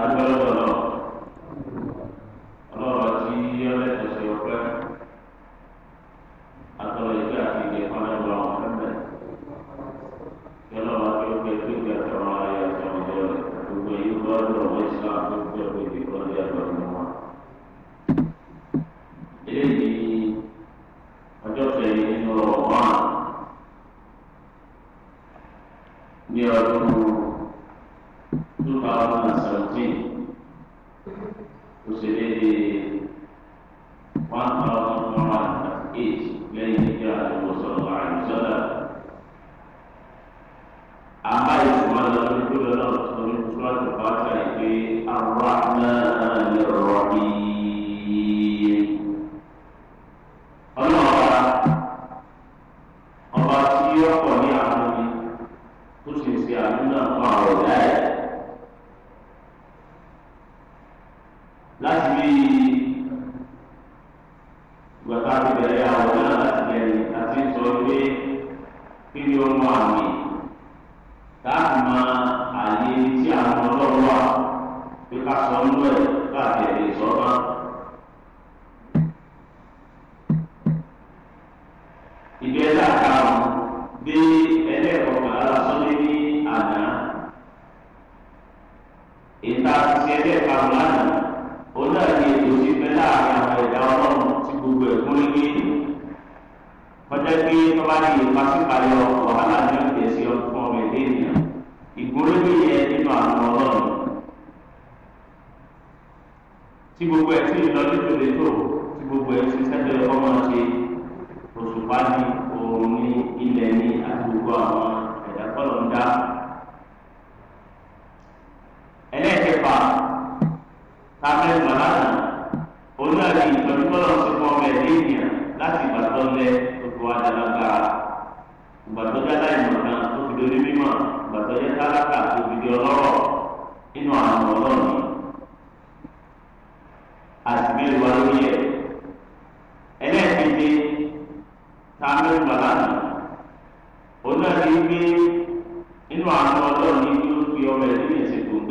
agbẹ́rẹ́ lọ.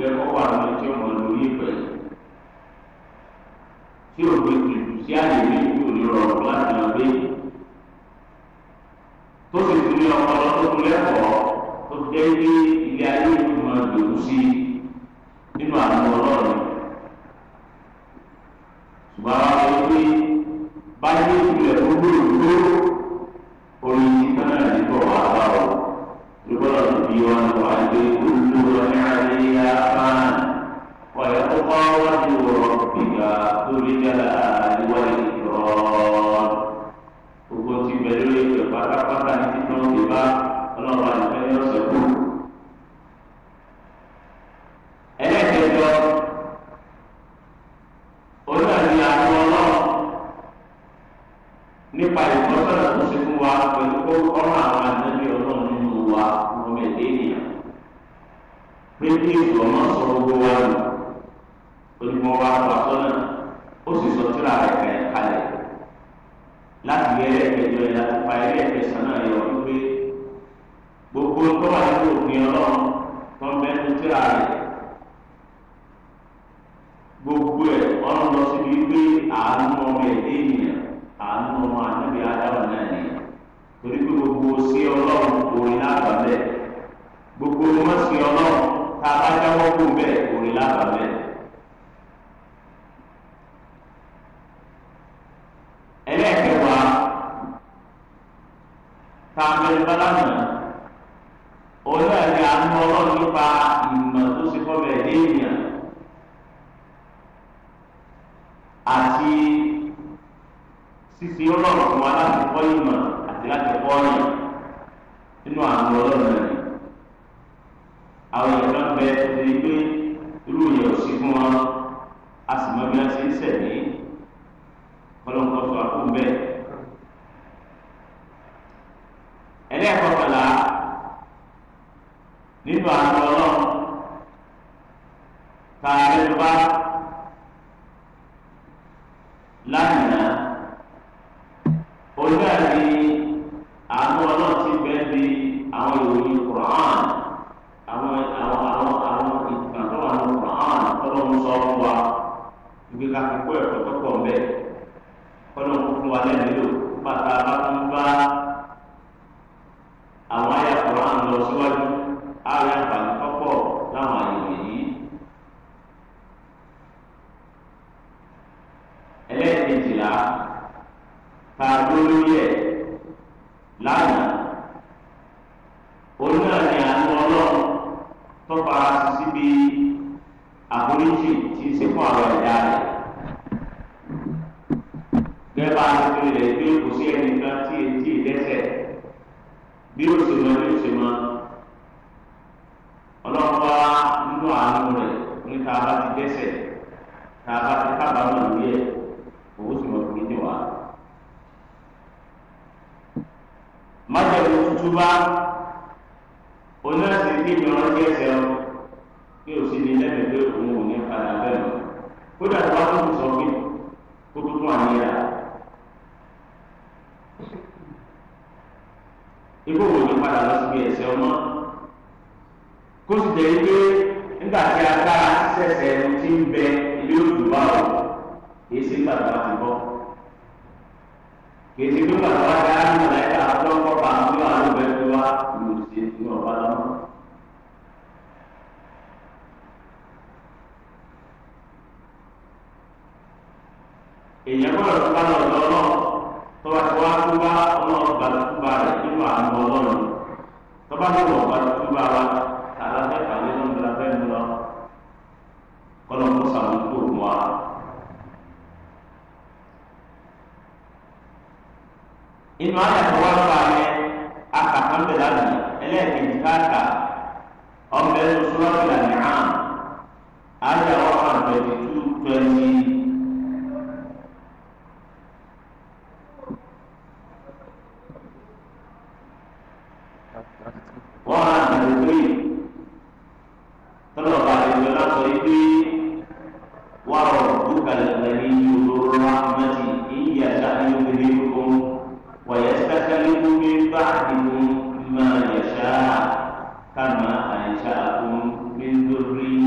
fẹ́ kọ́ wà ní tí ọmọ lórí ìfẹ́ tí òfin tìlù sí àyè ní ìlú ní rọrùn láti lọ gbé tó sì tún ní ọmọ lọ́dún tó lẹ́kọ̀ọ́ tó jẹ́ pé ilé ayé ìtumọ̀ dòkú sí nínú àwọn ọlọ́run ṣùgbọ́n àwọn ẹgbẹ́ bá yẹ ìpìlẹ̀ tó gbòòrò. gbé ká fi kó ẹ̀kọ́ tó pọ̀ mbẹ́ kọ́nà fún wa lẹ́nu lò bàtà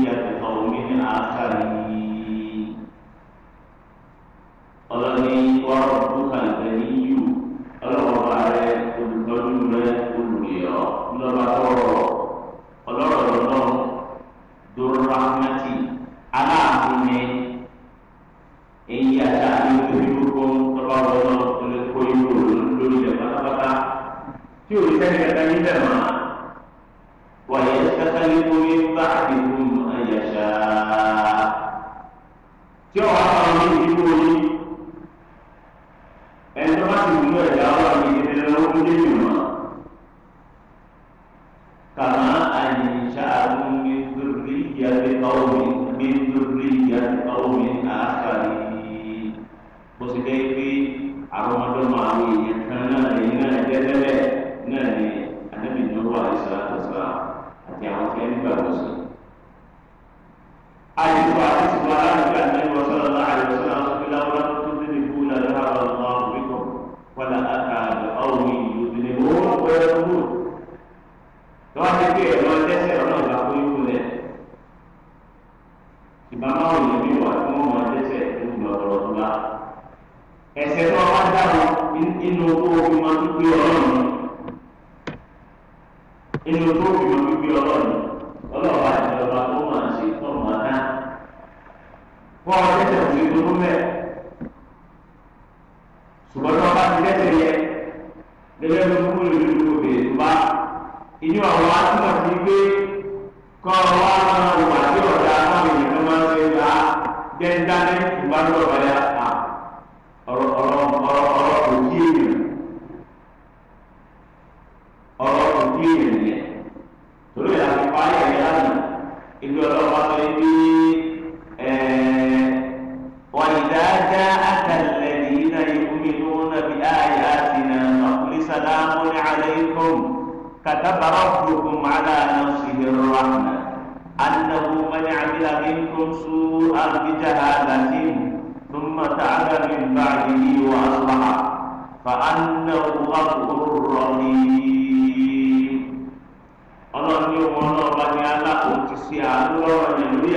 dia kaum ini adalah kan,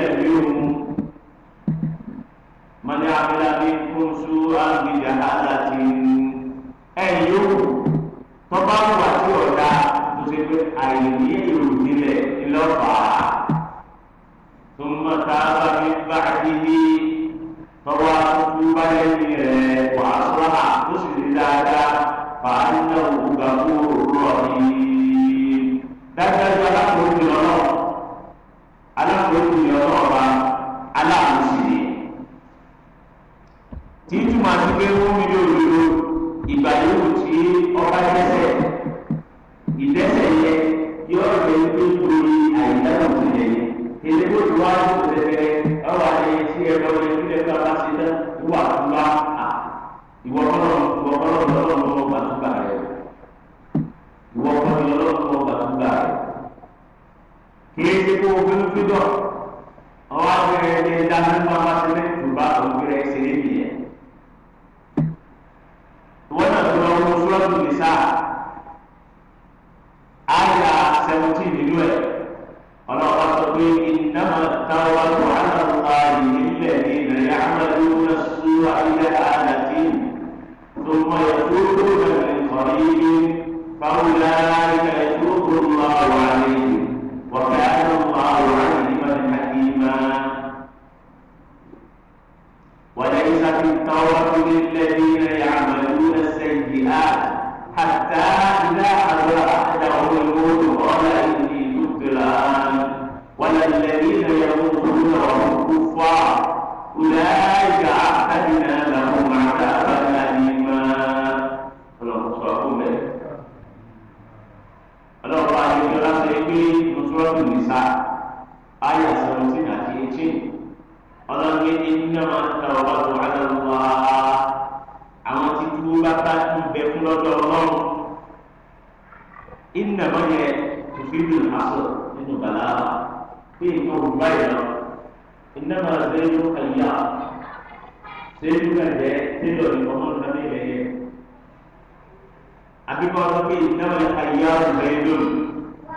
ẹ̀mí òun mọ̀ní abilábí fún sú àgbèjà aláti ẹ̀yìn yòówù tọ́ba wà sí ọ̀dà tó ṣe pé àìní èrò nílẹ̀ ńlọ́fàá tó ń mọ̀ tá a wo gbẹnu fídọ̀ ọwọ́ abẹ́rẹ́ ní dáná nípa bá ti ní ìtùbá òǹgbẹ́rẹ́ ṣe é nìyẹn. wọ́n náà tó lọ wọ́n fúlọ́ọ̀tù ìyáàrú lẹ́yìn lónìí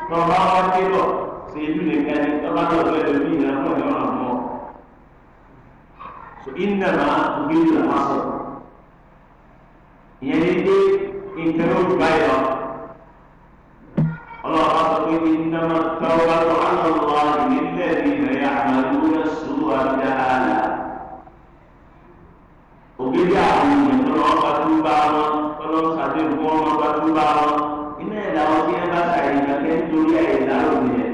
tó bá wá débọ̀ ṣe ìlú nìkan ni tó bá náà fẹ́ lómi ìyá fún ìyá ọ̀nà mọ́. ìnà máa gbé ìlú àmásọ̀ ìyẹn ní pé nǹkan ó gbá ẹ̀ lọ. sọ pé ìnà máa tọ́ wá lọ́wọ́. torí ẹ̀ láàrú nìyẹn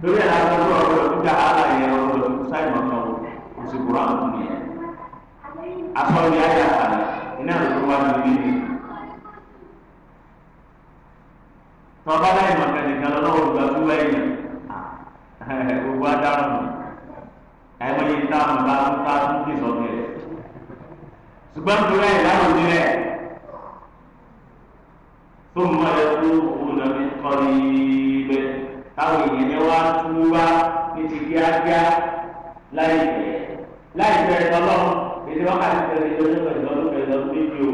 torí ẹ̀ láàrú ọjọ́ ọ̀rọ̀ tó ga ara yẹn ọ̀rọ̀ tó sáìmọ̀ náà kò sí kúrò àwọn nìyẹn. asọ́ni ayé àtàlà iná ló wá ní ibi ni. tọ́ba láì mọ̀ kẹ́nìkan lọ́wọ́ gba tó wáyé yẹn gbogbo adáhùn mi ẹ̀mọ́ yìí tá a mọ̀ bá tó tá a tó kì sọ́kẹ́ rẹ̀ ṣùgbọ́n torí ẹ̀ láàrú nìyẹn tó mọ̀ ẹ̀ قريب káwọn èèyàn ní wá túbá ní ti kíákíá láìpẹ́ láìpẹ́ tọ́lọ́ èdè wákàtí pẹ̀lú ìdọ́jú pẹ̀lú ọdún pẹ̀lú ọdún méjì o.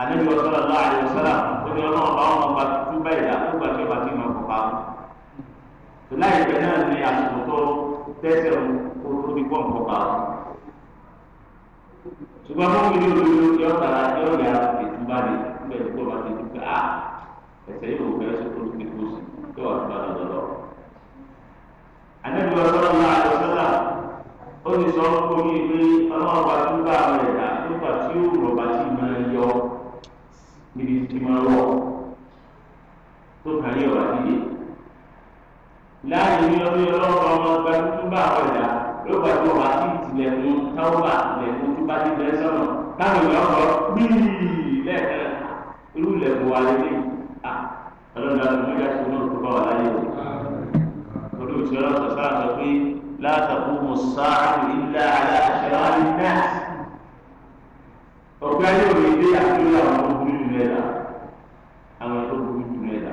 àdébí ọ̀sán ọ̀la àdébí ọ̀sán ó ní ọlọ́run bá wọn bá túbá ìdá tó gbà tí ó bá ti mọ̀ kọ́pa. láìpẹ́ náà ni àsìkò tó tẹ́sẹ̀ orí pọ̀ kọ́pa. ṣùgbọ́n fún mi ní olóyún yọ̀ọ̀tà yọ̀ọ̀yà ètúbá ni pẹ́ ẹ̀kọ́ bá ti di pé a ah, ẹ̀sẹ̀ yìí ló fẹ́ ṣe kó ní kó sí tó wà tó bá lọ lọ. Ànábì ọlọ́run náà lọ sọ́là ó ti sọ fún mi pé ọlọ́run bá tún bá àwọn ẹ̀dá nígbà tí ó rọ̀ bá ti máa yọ níbi tí máa rọ̀ tó kàn ní ọ̀rọ̀ àdìyẹ. Láàyè ní ọdún ọlọ́run ọmọ ọgbà tuntun bá àwọn ẹ̀dá ló bá tó wà sí ìtìlẹ̀kùn táwọn bá ìtìlẹ̀kùn tó bá ti bẹ̀rẹ̀ sọ̀rọ̀ táwọn èèyàn sọ lẹ́ẹ̀kan irú ilẹ̀kùn wa lé ní à ọlọ́dà tó mú yàtọ̀ náà tó bá wà láyé o. torí òṣèlú ọ̀rọ̀ sọ̀sọ́ àgbà pé látàkù mùsáàlù ilẹ̀ alẹ́ àṣẹwà ní nẹ́ẹ̀sì. ọ̀gbẹ́ ayé òní dé àdúrà àwọn ọmọ orí rẹ̀ là àwọn ẹ̀rọ burú jù rẹ̀ là.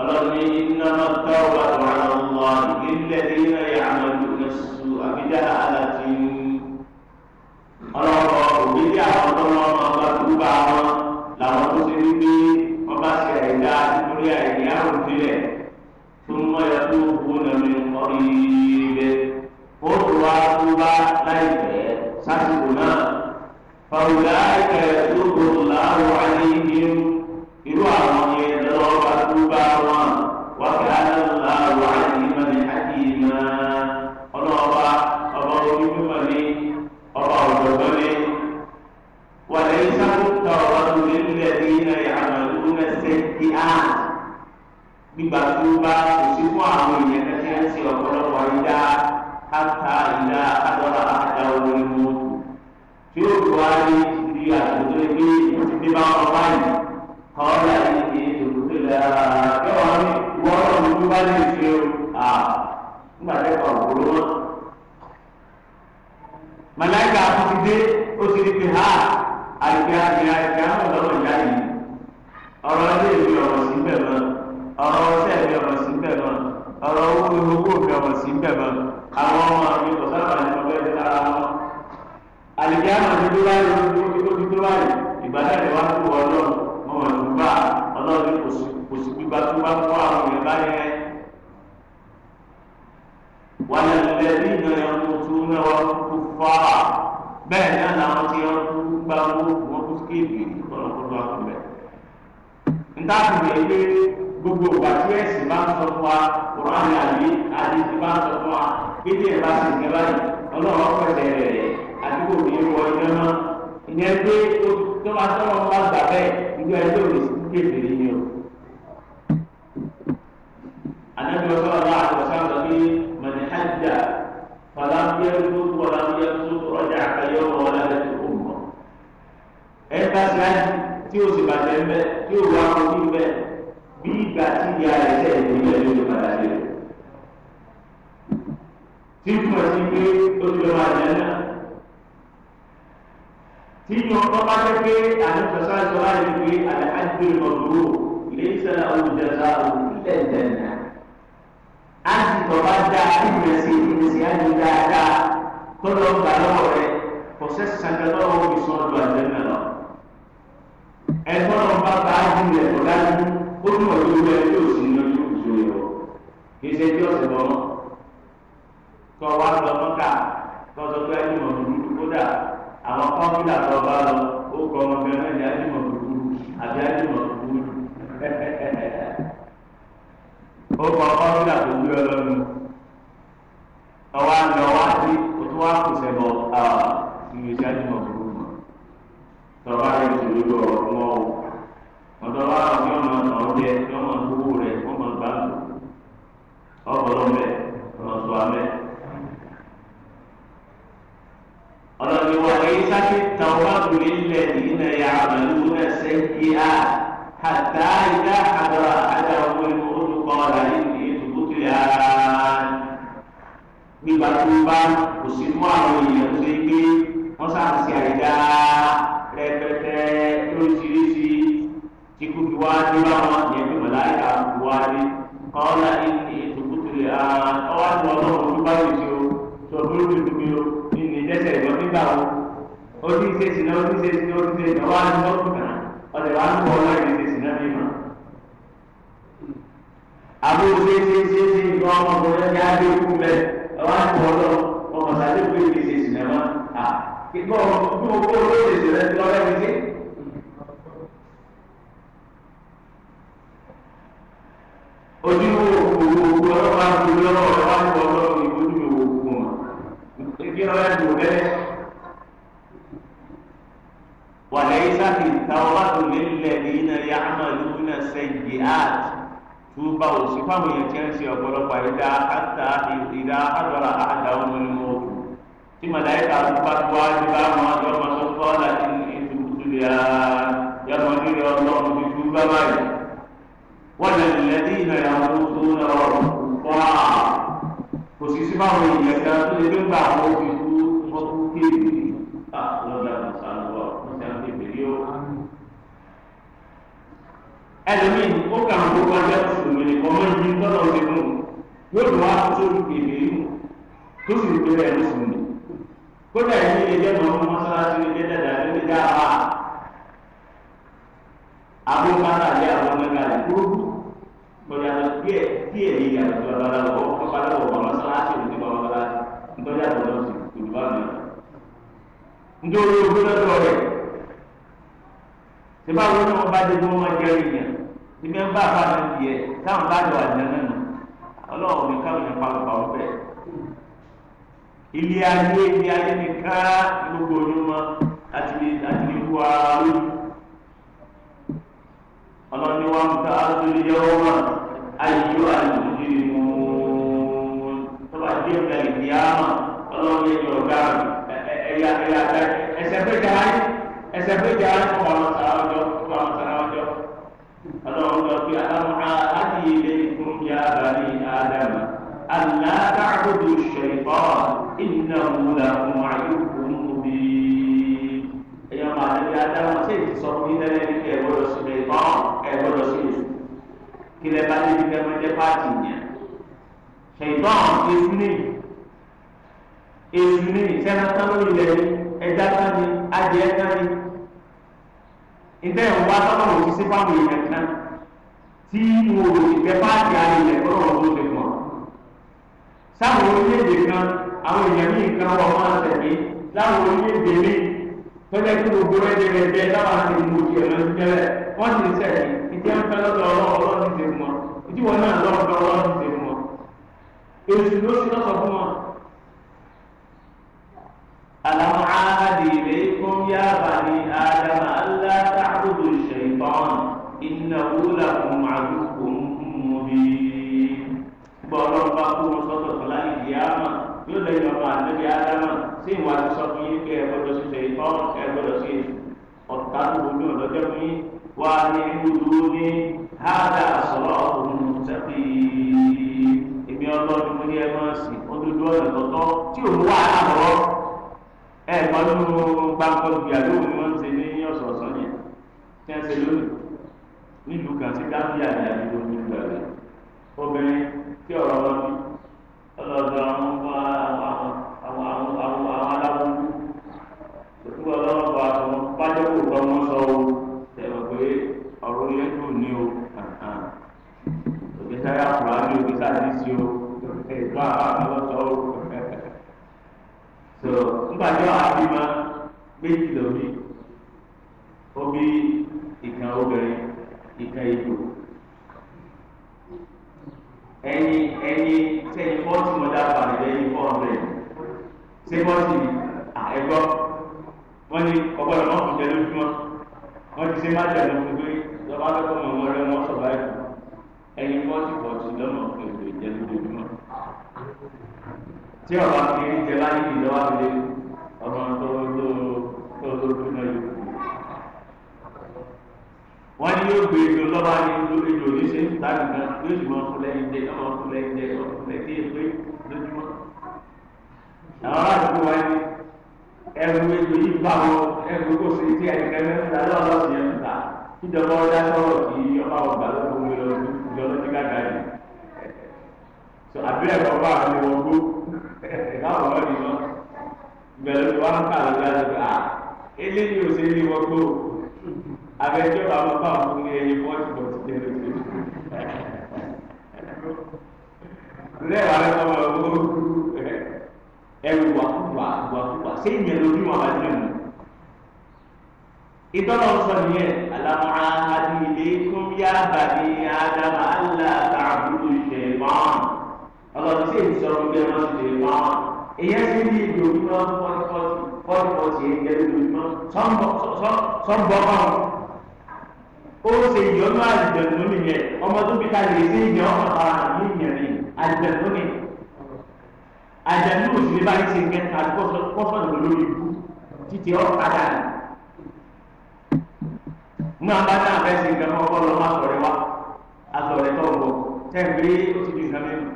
ọlọ́ni iná máa tọ́ wà lọ́wọ́ wọn nílẹ̀ nínú ìyàmọ̀ sùn àbíjà àlàtì ọlọ́wọ́ òbí bá wọn làwọn tó ṣe ní pé ọba ṣe àìdá nítorí àìní àrùn sílẹ̀ tó ń mọ ẹ tó kú nàmi ọ̀rí ibẹ̀ ó tó wá tó bá láìpẹ́ sásìkò náà fàwùdà ẹ̀kẹ́ tó gbòòrò láàrú àyè ìrú àwọn nígbà tó bá kò sí fún àwọn èèyàn tó ti ń ṣe ọ̀pọ̀lọpọ̀ ìdá káta ìdá àdọ́là àdá orí mọ́tò tí ó tó wá ní ìdí àtúntò ẹgbẹ́ ìdí tí bá wọn báyìí kọ́ọ̀lá ìdí ìdòkòtò lára kí wọ́n ní wọ́n lọ́ọ́ tó bá lè ṣe o à nígbà tó kọ̀ òkúrò wọn. màláìka ti dé ó ti di pé ha àìkè àìkè àìkè àwọn ọ̀dọ́ ọ̀jà yìí ọ̀rọ̀ ilé ìwé ọ̀rọ̀ sí bẹ́ẹ̀ náà. ọ̀rọ̀ ọ̀sẹ̀ mi ọ̀rọ̀ sí ń bẹ̀ mọ́ ọ̀rọ̀ owó sí ń bẹ̀ mọ́ àwọn ọmọ kò sábà ní ọgbẹ́ ti wọn. àmọ̀ ti tó báyìí ojú tó tó báyìí ọlọ́run mọ̀ wọ́n ti gbà ọlọ́run kò sí gbígbà tó bá àwọn báyẹn. tuntun náà wọ́n kú gbogbo ìgbà tí ẹ̀sìn bá ń sọ fún wa kùránì àbí àdìsí bá ń sọ fún wa pété ẹ̀ bá sì ń gẹ́gẹ́ báyìí ọlọ́run pẹ̀lẹ́ rẹ̀ àdúgbò mi wọ iná mọ́ ìyẹn pé tó bá tọ́wọ́ bá gbà bẹ́ẹ̀ ìjọ ẹjọ́ mi sì ń kéde ní o. anábì ọ̀sán ọ̀la àtọ̀sán sọ pé mọ̀nì hajjá fàlàmìyà tó fọlàmìyà tó rọjà àkàyọ̀ ọ̀la ẹ bá ṣe àjì tí o sì bàjẹ́ mbẹ́ tí o wà bí ìgbà tí ìyá rẹ̀ tẹ̀ ìpínlẹ̀ lórí padà dé. tí túmọ̀ sí pé ó ti lọ máa jẹ náà. tí yọ ọkọ bá jẹ́ pé àlùfẹ́sà sọ láti pé àlàájú ìmọ̀dúró ilé iṣẹ́ olùjẹsà òkúlẹ̀ ìdẹ̀nà. a sì tọ́ bá dá ìrẹsì ìrẹsì á ní dáadáa tó lọ gbà lọ́wọ́ rẹ̀ kò sẹ́sì sàkẹ́tọ̀ ọ̀hún ìsọ̀rọ̀ àjẹ́ náà. ẹ̀gbọ́n ọba bá ó ọ̀dọ́ ìwé ẹni tó sì nínú ojú kùsù rẹ̀ wọ̀ kì í ṣe tí ọ̀sẹ̀ bọ̀ mọ́ kọ́ wa lọ mọ́kà kọ́ sọ pé ájúmọ̀ dúdú kódà àwọn kọ́mpútà tó bá lọ ó kọ́ ọmọ bẹ́ẹ̀ náà ní ájúmọ̀ dúdú àbí ájúmọ̀ dúdú ó kọ́ kọ́mpútà tó gbé ọ lọ́nu ọwọ́ àgbẹ̀ ọwọ́ àti òtún wá kù sẹ́bọ̀ ìrètí ájúmọ̀ dúdú mọ́ tọ́ba rẹ̀ ti lójú ọ̀rọ̀ mọ́ ọ ọ̀dọ́ wa ọ̀gbẹ́ ọ̀nà jẹ tí wọ́n máa gbowó rẹ̀ wọ́n máa gbà á ọ̀pọ̀lọ́ mẹ́ ọ̀nà tó amẹ́. ọ̀nàmì wà ní sáké tàwọn àgbèrè ilẹ̀ ìdílé ya àmàlú náà sẹ́yìn á hàtà ìdá àdàrà àdàrà owó ìmọ̀ olùkọ́ ọ̀là ìdí ìdúgbò tó yà á. gbígbà tó bá kò sí mú àwọn èèyàn tó yẹ pé wọ́n sáà ń ṣe àìdá rẹpẹtẹ ikú fi wá dé báwọn yẹn fi mọ̀láyà fi wá dé ọ̀la ìní ìtòkùtìlẹ̀ ọ̀wá ní ọlọ́run tó bá lè ṣe o tó burú tó ti mi o ní ní dẹ́sẹ̀ ìjọ nígbà wo ó ti ṣe sí náà ó ti ṣe sí náà ó ti ṣe sí náà wá ní lọ́kùnrin ọ̀dẹ̀ wá ní ọlọ́run ìdí ṣe sí náà mímọ́. àbúrò ṣe ṣe ṣe ṣe ìgbọ́n ọmọkùnrin ní adé ikú bẹ́ẹ̀ ọ̀wá ọlọ́run ọmọ ojú gbogbo gbogbo ọ̀rọ̀ wa ń gbogbo ọ̀rọ̀ ọ̀rọ̀ wa ń gbọ́ ọ̀rọ̀ ìbò ní òwò gbogbo wọn. Ṣé ọ̀rẹ́ ló bẹ́ẹ̀? Wàlẹ́ Isaki tàwọn tó lé lẹ̀ ní iná ya àmà lóhùn náà sẹ́yìn áàt. Túbà ò sí fáwọn èèyàn tí ń ṣe ọ̀pọ̀lọpọ̀ ìdá àtà ìdá àdọ́rà àdá ọmọ ní mọ́ òkú. Tí màláìka bá tó wá ní bá àjọ ọmọ tó kọ́ láti ní ètò ìtúlẹ̀ yàtọ̀ nílẹ̀ ọlọ́run ti tú bá báyìí walladhina yamutuna wa hum kuffar kò sì sí báwọn èèyàn kan tó lè gbégbà àwọn òbí tó wọ́n tó kéèké lọ́dà mùsàlùwà wọ́n ti àwọn ìbèrè ó. ẹlòmíì ó kà ń gbogbo ajá tó sùn lónìí kọ́ mọ́ ìdí tọ́lọ̀ ọ̀gbẹ́ mú yóò lọ wá tó sórí kéèké mú tó sì ń gbé bẹ́ẹ̀ kódà ẹni lè jẹ́ mọ́ mọ́sálásí lè jẹ́ dàdà lè jẹ́ dáa Abu lé dia mẹ́ta rẹ̀ kúrú gbọ́dọ̀ dia dia dia ní ìyá àti ọ̀rọ̀ lọ́wọ́ ọ̀pá lọ́wọ́ ọ̀rọ̀ sáláṣí òní bàbá bàbá nítorí àtọ̀dọ̀ sí olùbá mi. nítorí ojú lọ́dọ̀ rẹ̀ tí báwo ni wọ́n bá dé bí wọ́n máa jẹ́ ìyẹn tí bẹ́ẹ̀ bá bá mi tiẹ̀ táwọn bá lọ àjẹ́ náà ọlọ́run mi káwọn yẹn pa lọ́pàá ọ̀fẹ́. ilé ayé ilé ọlọ́ni wa ń ká lórí yẹ́wọ́ mọ́ ayíyó àlùjì mú un tọ́ba tí ó kẹ́lẹ̀ ní àmà ọlọ́ni ẹ̀jọ̀ ọ̀gá ẹ̀yà ẹ̀yà ẹsẹ̀ péjà ayé ẹsẹ̀ péjà ayé fún ọmọ sàrà ọjọ́ fún ọmọ sàrà ọjọ́ ọlọ́run lọ pé alámùhà láti ilé ìkún yá bàbí àdàmà aláàbàbòdò ṣẹ̀fọ́ ìnà òwúlà fún àyùkú mú bí ẹ̀yọ́ màdàbí àdàmà sí ìsọfún ilẹ̀ ní kẹwọ́rọ̀ kílẹ̀ bá débi fẹ́ mọ́ jẹ́ pààtì yẹn ṣèyítọ́n èsì nìyí èsì nìyí sẹ́nátà lórí ilẹ̀ ni ẹja kan ni adìẹ kan ni ìtẹ́ ìwà sọ́kàn òsì sí fáwọn èèyàn kan tí mo rò ìfẹ́ pààtì ara ilẹ̀ kọ́ lọ́wọ́ tó ṣe fún ọ. sáwọn orílẹ̀-èdè kan àwọn èèyàn míì kan wọ́n máa ń tẹ̀lé láwọn orílẹ̀-èdè míì tọ́jà tí gbogbo rẹ̀ dé rẹ̀ bẹ́ẹ̀ láwọn àti ìmọ̀ òjì ẹ̀rọ ń wọ́n ti ń tí wọ́n fẹ́ lọ́dọ̀ ọlọ́run ọlọ́run ti ṣe fún wọn ìdí wọn náà lọ́dọ̀ ọlọ́run ti ṣe fún wọn èsì ló sì lọ́sọ̀ fún wọn. alam ahadi ilaykum ya bani adama alla ta'budu ash-shaytan innahu lakum aduwwun mubin. gbọ́dọ̀ bá kó wọn sọ́dọ̀ fúlá ìdíyàmà yóò lẹ́yìn ọmọ àdébí adama sí ìwà àti sọ́kùnrin kẹ́ ẹ gbọ́dọ̀ sí ṣèyí ọ̀hún kẹ́ ẹ gbọ́dọ̀ sí ọ̀tá tó wọlé ọ̀dọ́jọ́ fún yín. وأن يدوني هذا صراط مستقيم èmi ọlọ́run mo ní ẹ máa sìn odòdó ọ̀nà tọ̀tọ̀ tí òun wà láàárọ̀ ẹ̀ẹ̀kan nínú gbàgbọ́ ìgbìyàwó ni wọ́n ń ṣe ní ọ̀sọ̀ọ̀sán yẹn tí wọ́n ń ṣe lónìí nílùú kan sí gambia ní àdúgbò ní ìgbàlẹ̀ obìnrin tí ọ̀rọ̀ wọn bí ọlọ́dọ̀ àwọn àwọn àwọn aláwọ̀ òkú ọlọ́wọ́ bá sáré àkùrá ní omi sáàdì sí o ẹ̀gbọ́n àwọn ọlọ́sọ o. so nígbà tí wàá bí ma méjì lómi omi ìkan obìnrin ìkan ìjò ẹyin ẹyin sẹ́yìn fọ́ọ̀tì mọ́tà balẹ̀ lẹ́yìn fọ́ọ̀rẹ́ ṣé fọ́ọ̀tì ẹ̀gbọ́n wọ́n ní ọgbọ́dọ̀ wọn kò jẹ lójúmọ́ wọ́n ti ṣe má jẹ lójúmọ́ pé lọ́kọ́ mọ̀ wọ́n wọ́n sọ̀rọ̀ báyìí ẹni fọ́tì fọ́tì lọ́nà òkèèrè jẹ lójoojúmọ́. tí ọba kiri jẹ láyé ìjọba lé ọmọ tó tó tó tó tó náà yóò kú. wọ́n ní yóò gbé ìjọ lọ́ba ní lórí ìjọ oníṣẹ́ ìtàn nìkan yóò sì mọ fúnlẹ̀ ìjẹ ọmọ fúnlẹ̀ ìjẹ ọmọ fúnlẹ̀ kí èpè lójúmọ́. àwọn aláàbò wa ni ẹrù ètò yìí bá wọn ẹrù kò sí tí ẹnìkan mẹ́ta lọ́wọ́ sí ẹ̀ńtà ìjọba ọjà sọ̀rọ̀ kí ọba ọgbà lọ́wọ́ dàgbà yìí so àbí ẹ̀rọ bá àwọn ọmọ gbó káwọn ọ̀rọ̀ yìí lọ bẹ̀rẹ̀ tó wá ń kà lọ́dọ̀ àti à eléyìí ò sí ilé wọn gbó abẹ́jọ́ bàbá bá wọn fún ẹyin bọ́ọ̀tì bọ́ọ̀tì tẹ́lẹ̀ tẹ́lẹ̀ o àwọn ọmọ ọmọ ẹ̀rù wà fún wà fún wà sí ìyẹn lójú wọn àti ẹ̀mú ìtọ́nà sọ nìyẹn alamu ahadi ilaykum ya bani adama ala ta'budu shaytan ọlọ́run tí èyí sọ̀rọ̀ gbé wọn ṣe wọn èyí ṣe ní ìlú òmìnira fọ́ọ̀tì fọ́ọ̀tì fọ́ọ̀tì èyí jẹ́ ìlú òmìnira sọ́ńbọ̀ kan ó ṣe ìyọnú àjẹ̀dùnú nìyẹn ọmọ tó bí kalẹ̀ ṣe ìyẹn ọmọ ara mi ni àjẹ̀dùnú ni àjẹ̀dùnú òṣèré báyìí ṣe ń kẹta kọ́sọ̀nù lórí ikú títí ọ̀kadà ni mú abájá àfẹsí nǹkan mọ́ ọgbọ́n lọ́mọ àtọ̀rẹ́ wa àtọ̀rẹ́ tó ń bọ̀ tẹ̀gbé ó ti di nǹkan mẹ́rin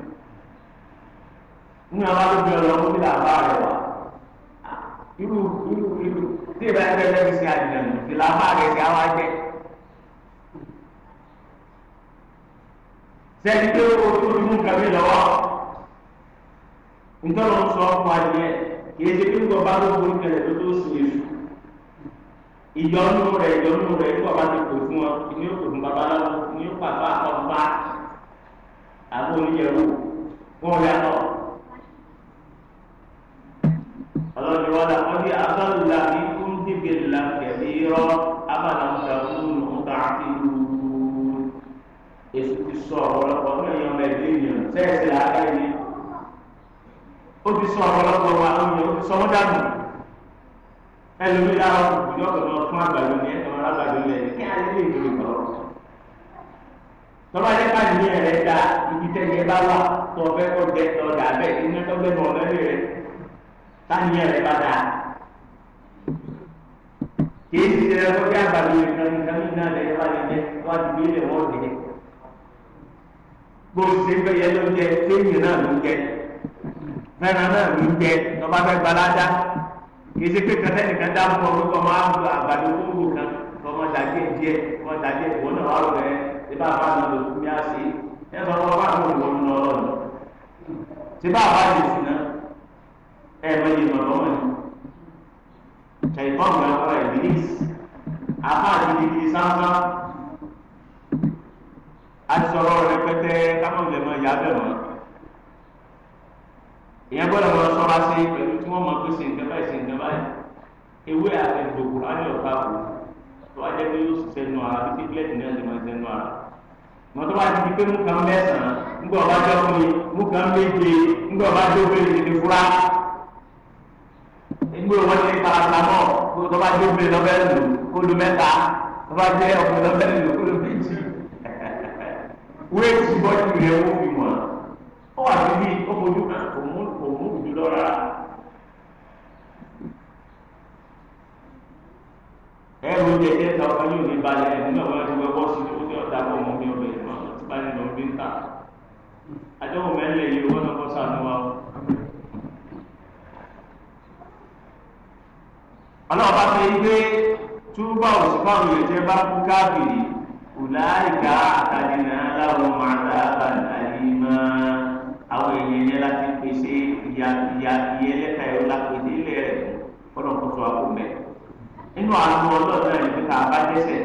mú abájá gbé ọlọ́mọ bí làbá rẹ̀ wá irú irú irú tí ìbá ẹgbẹ́ lẹ́nu sí àjẹmọ́ ti làbá rẹ̀ sí àwọn ajẹ́ sẹ́ni pé o tó mú nǹkan mẹ́rin lọ́wọ́ ntọ́nà ń sọ ọkọ̀ adìyẹ kì í ṣe kí n gbọ́ bá ló borí tó tó sùn èṣù ìyọnu rẹ ìyọnu rẹ nígbà bá ti kó fún ọ ní o kò fún babaláwo ní o pàpà ọba àbó oníyẹwò wọn yà lọ. ọlọ́dún wa la wọ́n ní abáwùlà ní kúndìgbè la kẹ̀mí rọ abàlàmùsà fún òǹkà àti ìlú. èsì ti sọ ọ̀pọ̀lọpọ̀ fún èèyàn mẹ́rin ènìyàn sẹ́ẹ̀sì àárẹ̀ ni. ó ti sọ ọ̀pọ̀lọpọ̀ wa ó ti sọ wọ́n dànù ẹlòmíì láwọn òkùnkùn yóò tọ̀tọ̀ fún àgbàdo ní ẹ̀sán alágbàdo ní ẹ̀sán kí alẹ́ lè dúró lọ. tọ́ba jẹ́ ká nìyẹn rẹ̀ da ibi tẹ́lẹ̀ ẹ bá wà tó ọbẹ̀ kọ́ jẹ ọ̀dà bẹ́ẹ̀ iná tó gbẹ́ bọ̀ lẹ́lẹ̀ rẹ̀ ká nìyẹn rẹ̀ bá da. kìí ti rẹ̀ kọ́ kí àgbàdo yẹn kan nìkan ní iná rẹ̀ bá lè ti gbé lẹ̀ wọ́n jẹ. gbòòsè bẹ́yẹ ló jẹ téèyàn náà ló jẹ mẹ́ran náà ló jẹ tọ́ba kìí pé kẹfẹ nìkan dá fún ọ pé kọ máa ń lo àgbàdo gbogbo kan kọ máa dàgé díẹ̀ kọ dàgé ìwọ náà wà lọ ẹ ẹ bá bá lọ lòkú mi á sí ẹ sọ fún ọ bá lọ ìwọ nù lọ lọ tí bá bá lè sí náà ẹ bẹ yìí lọ lọ́wọ́ ni kẹyìn ọkọ ẹ bìlíìsì apá àdìdì bíi sáńsá àti sọ̀rọ̀ rẹpẹtẹ kámọ̀ lẹ́mọ̀ ìyá bẹ̀ mọ́ èèyàn gbọ́dọ̀ mọ sọ́ra sí pẹ̀lú tí wọ́n mọ pé ṣe nǹkan báyìí ṣe nǹkan báyìí ewé àtẹ̀gbògbò alẹ́ ọ̀tá kù tó wá jẹ́ pé yóò ṣiṣẹ́ nu ara bí tíbílẹ̀tì náà ṣe máa ṣiṣẹ́ nu ara mọ tó bá ti di pé mú kan mẹ́sàn-án ńgbà ọba jẹ́ fún mi mú kan méje ńgbà ọba jẹ́ òfin ìdíje fúra ńgbà ọba ti paracetamol tó bá jẹ́ òfin lọ́bẹ̀ lù kó lu mẹ́ta tó bá jẹ́ òfin lọ́bẹ̀ lù kó lu méjì wéèjì bọ́ọ̀lù rẹ̀ wọ́n fi mọ̀ ọ́ wà níbi ó fojú kan kò mú jùlọ rárá. ẹrù jẹjẹ ta ọkọ yóò ní balẹ̀ ẹ̀mí náà wọ́n ti wẹ́ bọ́ sí owó tí ọ̀tá bọ̀ mọ́ mi ọbẹ̀ yìí wọ́n ti bá nínú ọdún ń tà. àdéhùn mẹ́lẹ̀ yìí wọ́n náà kọ́ sànú wa. ọlọ́run bá ṣe gbé túbà òṣùpá òun lè jẹ́ bá kú káàkiri ọ̀làìkà àtàdínà aláwọ̀ màdàbà àlìmọ́ àwọn èèyàn yẹn láti pèsè ìyá ìyá ìyá ẹlẹ́ka ẹ̀rọ lápò ìdílé rẹ̀ ọ̀nà tó sọ àpò mẹ́. nínú àánú ọlọ́run náà ní ká bá dẹ́sẹ̀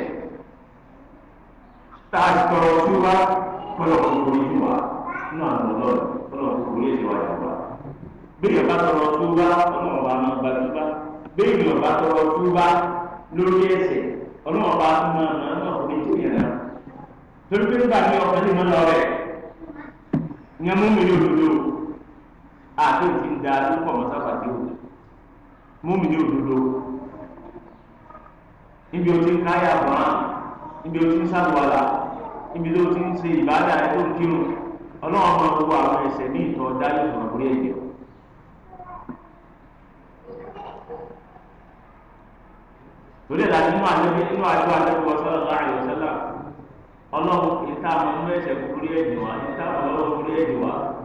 tá a tọrọ sí wa kọlọ̀ kò kò yí wa nínú àánú ọlọ́run kọlọ̀ kò kò yé ti wà yàgbá. bẹ́ẹ̀ bá tọrọ sí wa ọlọ́run bá máa gba sí wa bẹ́ẹ̀ bá tọrọ sí wa lórí ẹsẹ̀ ọlọ́run bá tún máa máa náà kò ní tó yẹn náà. torí pé nígbà tí ọkàn ní mọ́ lọ rẹ̀ ìyẹn mú mi ní òdodo. àti ti ń da lóko ọmọsáfà o mú mi ní òdodo ibi o ti ń káyà bọ́n o ti ń sábọ̀ọ́lá níbi tó ti ń ṣe ìbádà ẹ̀ tó ń kírun ọlọ́run ọmọ gbogbo àwọn ẹsẹ̀ ní ìtọ́ orí o. torí àjọ sọ́dọ̀ ọmọ ẹsẹ̀ kúkúrú wa ìta àwọn ọlọ́run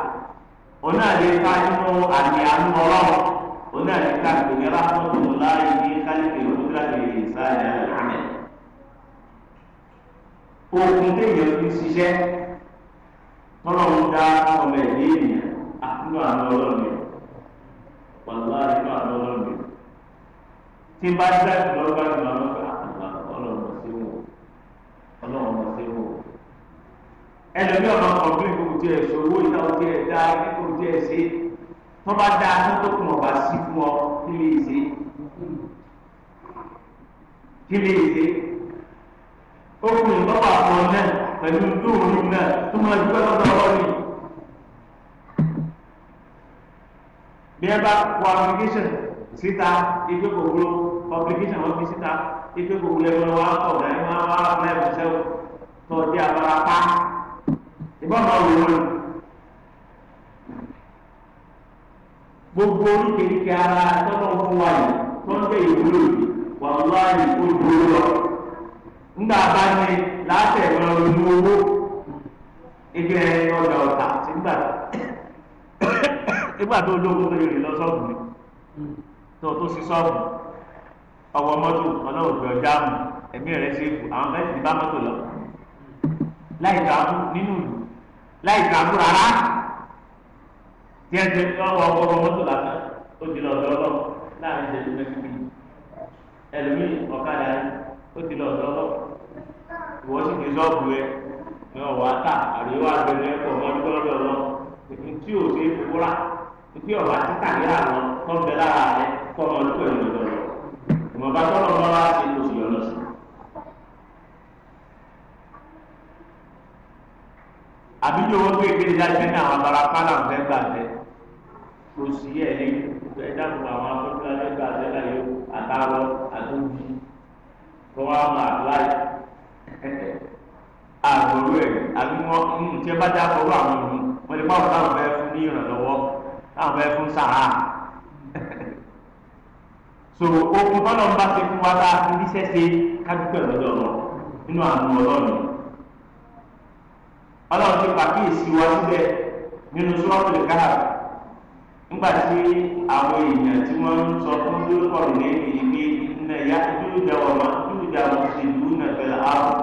òun náà lè ká nínú àmì àánú ọlọ́run òun náà lè ká ìgbòmí aláfọ́tò láàyè ní kálífì olùdíláàbì ìsáyà àmẹ́. òògùn téèyàn fi ṣiṣẹ́ tọ́lọ́run dá ọmọ ẹ̀ ní ènìyàn àkúrò àmì ọlọ́run yẹn pàlọ́ àdínú àmì ọlọ́run yẹn. tí bá dá ìlọ́gbàdùn àwọn ọlọ́run ọ̀sẹ̀ wò ọlọ́run ọ̀sẹ̀ wò ẹlòmí ọ̀nà ọ̀gbìn kò tiẹ̀ ṣòwò ìta kò tiẹ̀ da kò tiẹ̀ ṣe tó bá da tó tó kùn ọ̀bà sí fún ọ kí lè ṣe kí lè ṣe ó kùn ìtọ́pà fún ọ náà pẹ̀lú dùn ún náà tó máa dúpẹ́ lọ́dọ̀ ọ ni. bí ẹ bá kọ application síta ìgbé gbogbo application wọn fi síta ìgbé gbogbo ẹgbẹ́ wọn wá kọ̀ ọ̀gá ẹ̀ máa wá ọ̀gá ẹ̀ mọ̀ṣẹ́ tó ọdí abarapá ìbọn máa wò ó gbogbo oríkèéríkèé ara tọ́lọ́ fún wa yìí tó ń bẹ̀yẹ̀ wúlò yìí wà láàyè ó dúró lọ. ńgbà bá ní látẹ̀ máa ronú owó ẹgbẹ́ ọjà ọ̀tà sí gbà nígbà tó lóko tó yèrè lọ sọ́ọ̀bù mi tó tó sí sọ́ọ̀bù ọwọ́ mọ́tò ọlọ́run gbé ọjà mù ẹ̀mí rẹ̀ ṣe é kù àwọn mẹ́tì bá mọ́tò lọ láì dààmú nínú ìlú láì dààmú rárá tí ẹ ti ọwọ́ ọgbọ́n mọ́tò lásán ó ti lọ sọ́lọ́ láàrin ìṣẹ̀lẹ̀ mẹ́kúbi ẹlòmíì ọ̀kadà ó ti lọ sọ́lọ́ ìwọ sì ti sọ́ọ̀bù rẹ ní ọ̀wọ́ ata àríwá abẹ́rẹ́ ẹ̀kọ́ mọ́tòlọ́dọ̀ lọ tí o ṣe fúra tí ọ̀wá títà ní àwọn tó ń bẹ lára rẹ kọ́ ọmọ olùkọ́ ìlú lọ́dọ̀ ìmọ̀ba àbí ní owó gbé ìpele dájú ní àwọn abara pálá ń fẹ́ gbà tẹ kò sí ẹ̀ ní ẹ̀dáàbò àwọn afọ́jú alẹ́ gbà tẹ láyé àtàrọ àtúndì tó wá máa láì àgbòrò ẹ̀ àbí wọ́n ń hmm, tí ẹ bá dá fọwọ́ àwọn ọ̀hún wọ́n lè pàwọ́ táwọn fẹ́ fún ní ìrànlọ́wọ́ táwọn fẹ́ fún sàrà so okun tọ́lọ́ ń bá ti fún wa tá a fi ríṣẹ́ ṣe ká dúpẹ́ lọ́dọ̀ nínú àánú ọlọ́run ọlọ́run ti pàkíyèsí wa síbẹ̀ nínú sọ́ọ̀tù káà nígbà tí àwọn èèyàn tí wọ́n ń sọ fún lórúkọ rẹ̀ lẹ́yìn ní iná ìyá dúdà ọmọ dúdà mùsùlùmí náà fẹ́lẹ̀ áwọ̀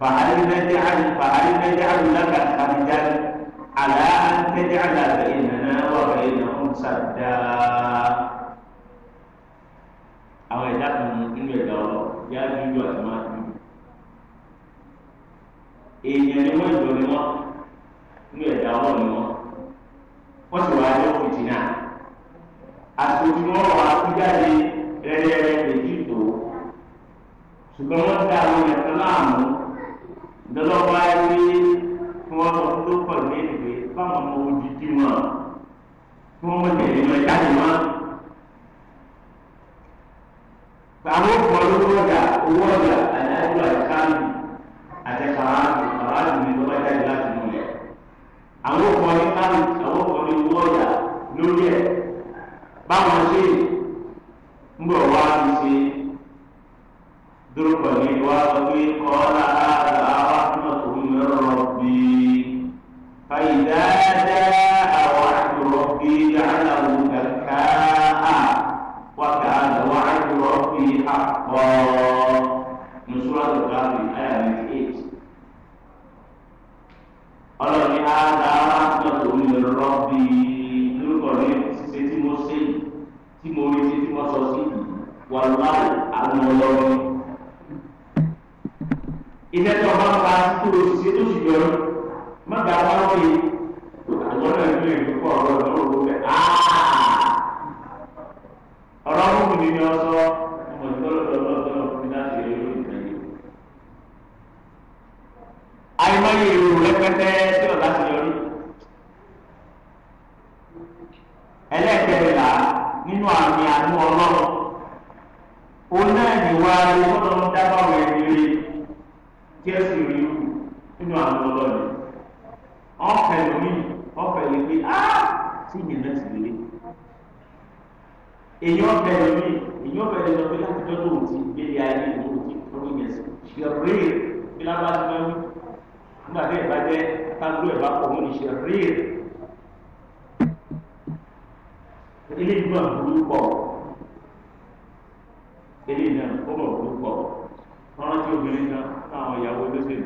fàárí mẹ́jẹ́ àlù fàárí mẹ́jẹ́ àlù lága kàdíjà àlá mẹ́jẹ́ àlà bẹ̀rẹ̀ nàná wà bẹ̀rẹ̀ nà ń sàdá. àwọn ẹ̀dá kan nínú ẹ̀dá ọ̀rọ̀ yá dúdú àtúmọ̀ èèyàn ni wọ́n jọ ni wọ́n ní ẹ̀dá wọn ni wọ́n wọ́n sì wáá lọ́ọ́ fìtì náà àtòjú wọn wà kújáde rẹ́rẹ́rẹ́ èjì tó ṣùgbọ́n wọ́n dá àwọn èèyàn kan láàmú lọ́lọ́wọ́ ayé tí wọ́n lọ tó pọ̀ lẹ́yìn pé báwọn ọmọ odidi wọn tí wọ́n mọ̀ tẹ̀lé lọ jáde wọn. àwọn ọ̀pọ̀ ló wọ́n dà owó ọ̀dà àdájọ́ àti káàmì àti kàrààtì kàrààtì ní ìjọba jáde láti mú lẹ àwọn ọkọ ní kárì àwọn ọkọ ní owó ọyà lórí ẹ báwọn ṣe ń bọ̀ wá ti ṣe dúrókọ̀ ní wá sọ pé kọ́lá àgbà wá fún ọ̀tún mẹ́rọ̀ bí fàyídá dáa àwọn àjùrọ̀ bí dáhàlà wù kàkà á wà kàá lọ́wọ́ àjùrọ̀ bí àpọ̀ nusura tó ká bi àyà ní eight ọlọ́ni àdá lọ́tọ̀ mi lọ́rọ́ bí lórúkọ rẹ ṣiṣẹ́ tí mo ṣe tí mo rí ṣe tí mo sọ sí wà láì àwọn ọlọ́run ilé tó bá pa tó o ṣe tó sì yọrọ má bàa wá pé àwọn náà ní ìlú pọ̀ ọ̀rọ̀ ìdánwò rẹ ọ̀rọ̀ ọ̀hún mi ni wọ́n sọ. rẹpẹtẹ tí ọ̀dà sì yọrí. ẹlẹ́kẹ̀rẹ̀lá nínú àmì àánú ọlọ́run òun náà níwá ọlọ́run dábàwọ̀ ẹni rí tí ẹ sì rí ikú nínú àánú ọlọ́run ọ̀fẹ́ lómi ọ̀fẹ́ lè pé á sí ìyẹn náà sì lélẹ̀ èyí ọ̀fẹ́ lómi èyí ọ̀fẹ́ lè lọ pé láti tọ́jú òun ti gbélé ayé ìlú òun ti ọdún yẹn sí ṣe rí ìlànà àti mẹ́rin nígbà tí ẹ̀bá jẹ́ kágbó ẹ̀bá pọ̀ mọ́ ní ini juga eléyìí náà burú pọ̀ eléyìí náà ó mọ̀ burú pọ̀ wọ́n rántí obìnrin náà táwọn ìyàwó dia.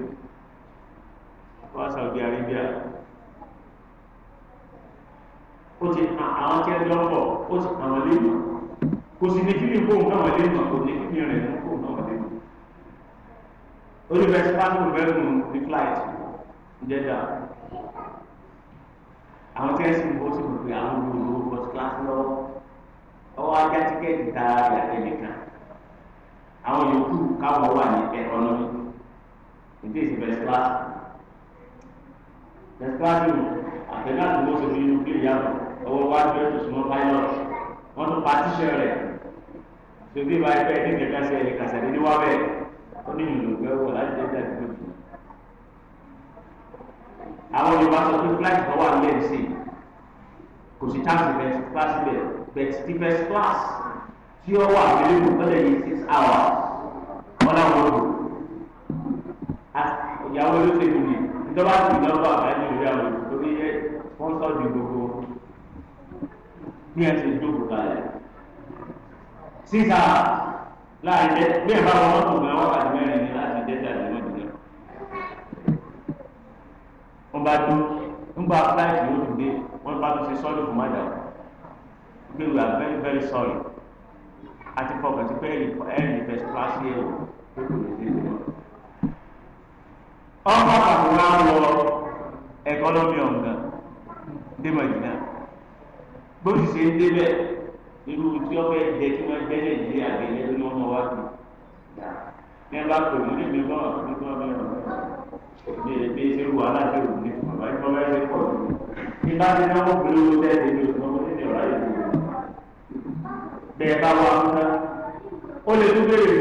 wọ́n Saudi Arabia ó ti hàn àwọn tí ẹ jọ ń bọ̀ ó ti hàn wọ́n lé mọ̀ kò sì ní kí Universitas kóhùn káwọn ìjẹta àwọn tí wọn sì ń bó sí mo pé àwọn olùdókòwò first class lọ́wọ́ ọwọ́ ajá tíkẹ́ẹ̀tì tààrà rẹ̀ àtẹnìkan àwọn yòókù káwọn wà ní ẹ̀rọ̀nọ́mì ìdí èsì first class first class yìí àtẹnìkan tó wọ́n sọ̀rọ̀ nínú kílì yàtọ̀ ọwọ́ wájú ẹ̀ tó súnmọ́ pilot wọ́n tún partition rẹ̀ sóbì báyìí pé ẹni kẹ̀kẹ́ sẹ́yìn kàṣà nídìí wá bẹ́ẹ̀ ó ní ìlú gbẹ́wò láti dé àwọn yorùbá sọ pé flight tó wà nílẹ̀ ṣe kò sí chance best class bẹ̀ but steepest class tí ó wà available lọ́dẹ̀ yìí six hours wọ́n láwọn odò ìyàwó olóṣèlú ni ìjọba ti lọ́wọ́ àbájáde ìrírí àwọn olùkórí ẹ̀ wọ́n sọ ju gbogbo ní ẹsẹ̀ ìjókòó kalẹ̀ six hours láàrin jẹ́ bí ẹ̀ bá wọn tó gbà wọ́n àti mẹ́rin ní láti jẹ́ tàbí bá dún nígbà fúláìtì yóò tún dé wọ́n bá tún ṣe sọ́ọ̀lì fún mádà pé we are very very sorry àti fọkàn sí pé ẹ̀rì first class yẹ̀ wò ó kò lè dé ìwọ. ọkọ̀ àbúrò wa wọ ẹ̀kọ́nọ́mì ọ̀gàn dé mọ̀jìnà bó ti ṣe ń débẹ̀ irú tí wọ́n fẹ́ jẹ́ kí wọ́n jẹ́ nàìjíríà gẹ́gẹ́ bí wá sí. ní ẹ bá pè mí ní ìgbìmọ̀ nígbà mẹ́rin ní ẹgbẹ́ ìṣerú aláṣẹ́rù ní bàbá ìfọ́ bá ṣe pọ̀ sí bá ti náwó pẹ̀lú owó tẹ́lẹ̀ ní oṣù bẹ́ẹ̀ bá wà ó lè tún sáà ọ̀sọ̀ wà rẹ̀ ṣe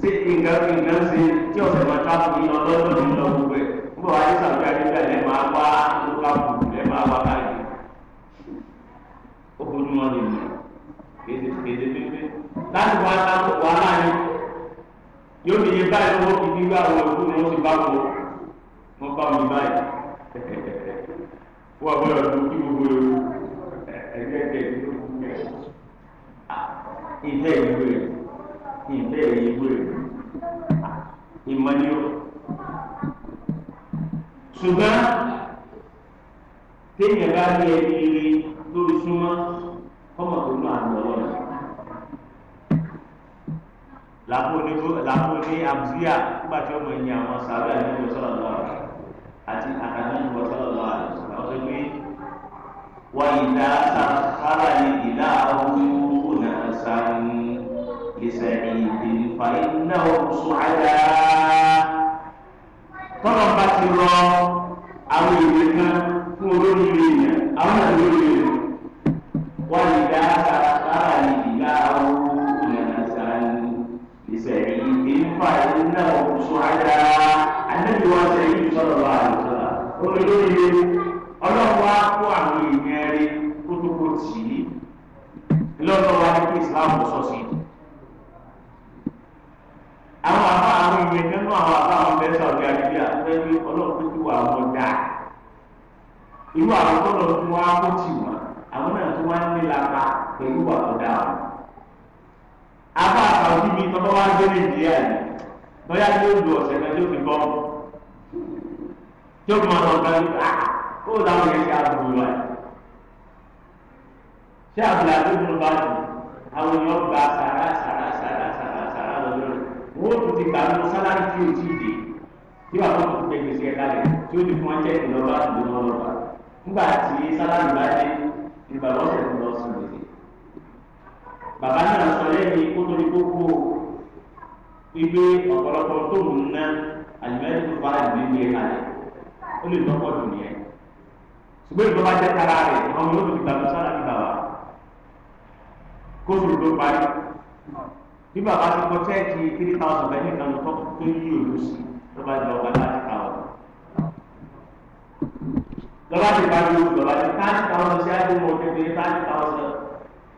tí ọ̀sẹ̀ máa fún ní kéde kéde pépé láti wá sáfù wá láàyè yóò fi yé báyìí lọ́wọ́ fi nígbà wo ìlú ni wọ́n ti bá wọn wọ́n bá mi báyìí wọ́n bọ̀dọ̀ tó kí gbogbo ewu ẹgbẹ́ tẹ̀lé ìfẹ́ ìwé rẹ̀ ìfẹ́ ìwé rẹ̀ ìmọ̀lẹ́wọ̀ ṣùgbọ́n téèyàn bá rí ẹni rí lórí súnmọ́ kọ́mọ tó nù àná ọlọ́run làbó ní abúlé nígbà tí ọmọ ẹ̀yìn àwọn sàbẹ̀ àti ìwọ̀sọ̀rọ̀ lọ́wọ́ àti àkàtúntò ìwọ̀sọ̀rọ̀ lọ́wọ́ àti ìwọ̀sọ̀rọ̀ lọ́wọ́ وإذا سخرني إلى عيون أسا لسعيد فإنهم سعداء tọ́lọ̀ bá ti rọ àwọn ìwé kan fún olórí ilé yẹn àwọn ìwé rẹ̀ وإذا سخر لله جنسا لسعيد فإنه سعداء النبي وسعيد صلى الله عليه وسلم olóyè ọlọ́run wá kó àwọn èèyàn rẹ kó tó kó tì í lọ́dọ̀ wa ní kí islam sọ sí àwọn àbá àwọn èèyàn nínú àwọn àbá àwọn bẹ́ẹ̀ sọ̀rọ̀ bí àdébíyà tó fẹ́ wà wọ́n dáa irú àwọn tó lọ fún wa kó tì wọ́n àwọn náà tó wá ń ní lapa pẹ̀lú wà tó dáa afa àkàwé bíi tọ́kọ́ wá dé nàìjíríà yìí bóyá yóò lu ọ̀sẹ̀ kan tó fi bọ́ tó fi máa lọ gbá yìí ah ó dáhùn yẹn ṣe àbúrò wa ṣé àbúrò àdúgbò bá dùn àwọn èèyàn gba sàrà sàrà sàrà sàrà sàrà lọ́dọ̀ rẹ̀ wọ́n tún ti gbà lọ sálárì tí o ti dè tí wàá fọ́n tún gbẹgbẹsẹ̀ kalẹ̀ tí o ti fún ọ jẹ́ ìgbà lọ́sẹ̀ tó lọ sí ìrèké. bàbá náà sọ lẹ́yìn kó lórí gbogbo wípé ọ̀pọ̀lọpọ̀ tó ń ná àlùmẹ́rì tó bá ìgbé gbé kalẹ̀ ó lè lọ́pọ̀ dùn yẹn. ṣùgbọ́n ìjọba jẹ́ tara rẹ̀ àwọn yóò fi gbàgbọ́ sára ní bàbá kó sì tó parí. bí bàbá ti kọ́ sẹ́ẹ̀kì three thousand bẹ́ẹ̀ nìkan tó yí òlù sí lọ́ba lọ́ba ti bá yóò lọ́ba ti táàtì táwọn ọ̀sẹ̀ àti mọ̀ kékeré táàtì táwọn ọ̀sẹ̀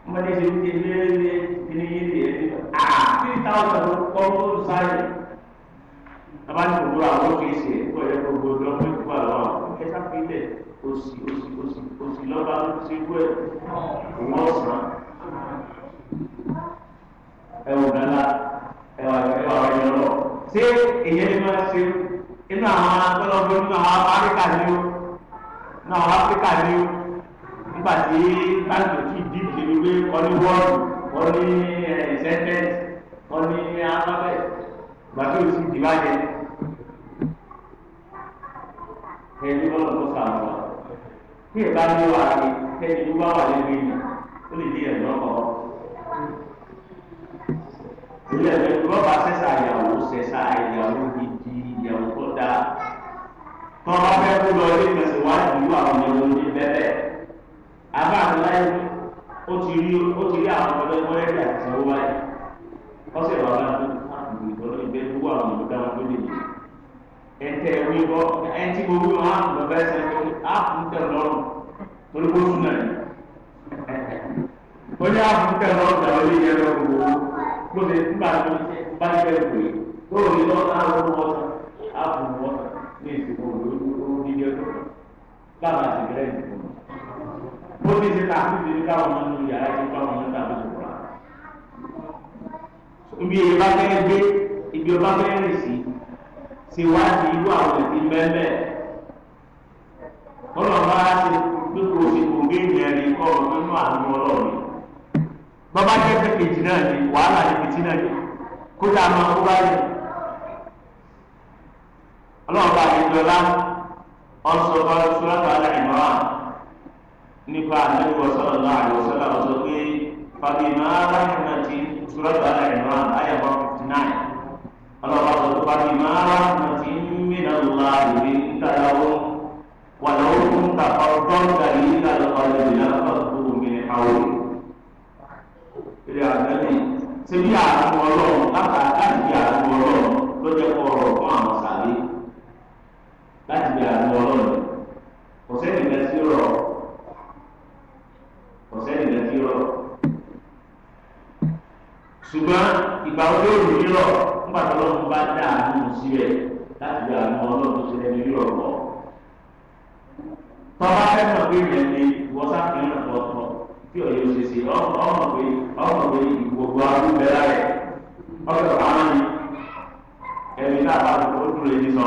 ọmọdé ṣe ń ṣe ní ilé ní ilé ẹni à tíì táwọn ọ̀sẹ̀ kọ́ tó ń sáré lọ́ba ti gbogbo àwọn kì í ṣe ẹ̀kọ́ ẹ̀ gbogbo lọ́pọ̀ ìgbà lọ́wọ́ ẹ sáfìlẹ̀ òsì òsì òsì òsì lọ́ba ló ti wú ẹ̀ òun ọ̀sán ẹ̀wọ̀n dáná ẹ̀wọ̀n ẹ̀wọ̀n ẹ̀yọ lọ ṣé èyẹ ni wọ́n ṣe inú àwọn akọ́lọ́gbọ́n inú àwọn abáríkà ni ó náà áfíríkà ní nígbà tí báńkì ò tí ì dìbò ṣe ni pé wọ́n ní wọ́ọ̀dù wọ́n ní sẹ́ńtẹ́ǹsì eh, wọ́n ní alfabẹ́t ìgbà tí o sì dìbà jẹ ẹni bọ́lá tó sàmù wa tí ìbá ní wà ní kẹ́ni tó bá wà lẹ́nu yìí ó lè di ẹ̀dọ́ kọ́ ilé ẹ̀dọ́ tó bá sẹ́sà ìyàwó sẹ́sà ìyàwó gidi ìyàwó tó tọ́ ọ fẹ́ kó lọ ilé ìgbésẹ̀ wá ìlú àwọn ìyẹ̀wò ní bẹ́ẹ̀ àbá àtúláyé ó ti rí ó ti rí àwọn ọmọdé wọlé ní àtìsánwó báyìí ọsẹ bàbá tó àtìgbò ìtọ́lọ́ ìgbẹ́ gbogbo àwọn ọmọdé wọn tó lè yí ẹ̀ńtẹ̀ ẹ̀wí bọ́ ẹ̀ńtí gbogbo wọn á lọ bẹ́ẹ̀ sẹ́yìn tó á fún tẹ̀ lọ́rùn torí kó sùn gbogbo gbọ́dọ̀ nígbà ní ìsìnkú òdìdí ọdún láwọn àtìgbẹ́rẹ́ ìsìnkú nù. bó ti ṣe káàkiri ti ní káwọn ọmọ nínú yàrá ti káwọn ọmọ níta lóṣù kura. ibi èyí bá fẹ́ gbé ibi ọba fẹ́ rìn sí ṣe wá sí irú àwọn ẹ̀sìn bẹ́ẹ̀ bọ́lá ọba ṣe pé kò sí kò gé ìrìn kọ́ ọ̀rọ̀ nínú àwọn ọlọ́ọ̀rẹ́ bọ́bá jẹ́ kejì náà ni wàhálà ni kejì náà ni kó ọlọ́run bá yẹ jọlá ọsọ bá sọ́láta alẹ́ ìmọ̀ra nípa àdéhùn ọ̀sọ́lá náà àyọ̀sọ́lá ọ̀sọ́ pé fàbíyìmọ̀ aláìmọ̀ ti sọ́láta alẹ́ ìmọ̀ra ayẹ̀ wọ́n fifty nine ọlọ́run bá sọ pé fàbíyìmọ̀ aláìmọ̀ ti ń mìíràn lọ́wọ́ àbẹ̀bẹ̀ ńtàdáwó wà lọ́wọ́ fún tàpá ọ̀dọ́ǹkà yìí lálọ́kọ̀ọ́ lẹ́yìn lápá láti gbé àánú ọlọ́run kò sẹ́ni kan tí rọ̀ kò sẹ́ni kan tí rọ̀ ṣùgbọ́n ìgbà wo yóò rí rírọ̀ nígbà tó lọ́run bá dá àánú síbẹ̀ láti gbé àánú ọlọ́run tó ṣe lẹ́nu rírọ̀ pọ̀ tọ́ba fẹ́ràn pé ìyẹn ni wọ́n sáfihàn tọ̀tọ̀ tí òye ṣe ṣe ọmọ pé ọmọ pé gbogbo arúgbó rẹ̀ ọ̀sẹ̀ pàmò ni ẹ̀mí náà bá tó dúró lé ní sọ.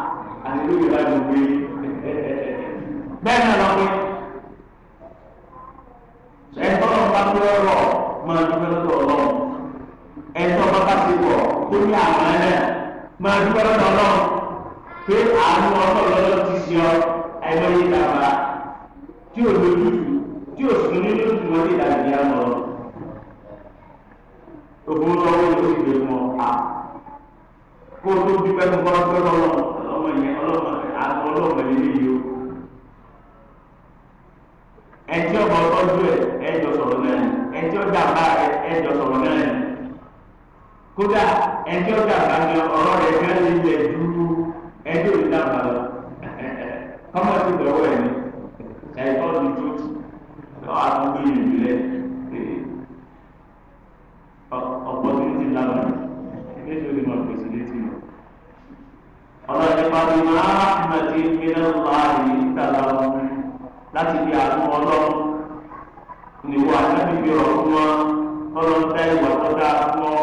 àlelúyà bá lè wé bẹ́ẹ̀ náà lọ́pẹ́ ẹ̀tọ́ lọ́pẹ́ bá tó ọ̀rọ̀ máa dúpẹ́ lọ́dọ̀ ọlọ́run ẹ̀tọ́ bá bá ti wọ̀ tó ní àwọn ẹ̀rẹ́ máa dúpẹ́ lọ́dọ̀ ọlọ́run pé àánú ọlọ́run lọ́dọ̀ ti ṣe ọ àìmọye ìdàgbà tí ò lójú tí ò sùn nínú ìtumọ̀ ní ìdàgbà ìyá lọ ògùn lọ́wọ́ dúpẹ́ fún bọ́lá ọlọ́ọ̀mọ ilé yìí o ẹjọ́ ọmọ ọtọ́jú ẹ ẹjọ́ sọ̀rọ̀ náà ni ẹjọ́ dàbá ẹ ẹjọ́ sọ̀rọ̀ náà ni kódà ẹjọ́ dàbá ni ọ̀rọ̀ rẹ̀ gán lè yẹ ju ẹjọ́ ìdàbà lọ kọ́mọ̀tì dọ̀wọ́ ẹ̀ ni ẹ̀kọ́ ti tó ti lọ́wọ́ yìí. ọlọ́ọ̀ni pàdé máa mẹ̀tí mìíràn láàyè ìtàlá láti fi àánú ọlọ́run níwọ̀ àtẹ́bíbi ọ̀rọ̀ fún wọn ọlọ́run dá ìwà tó dáa fún ọ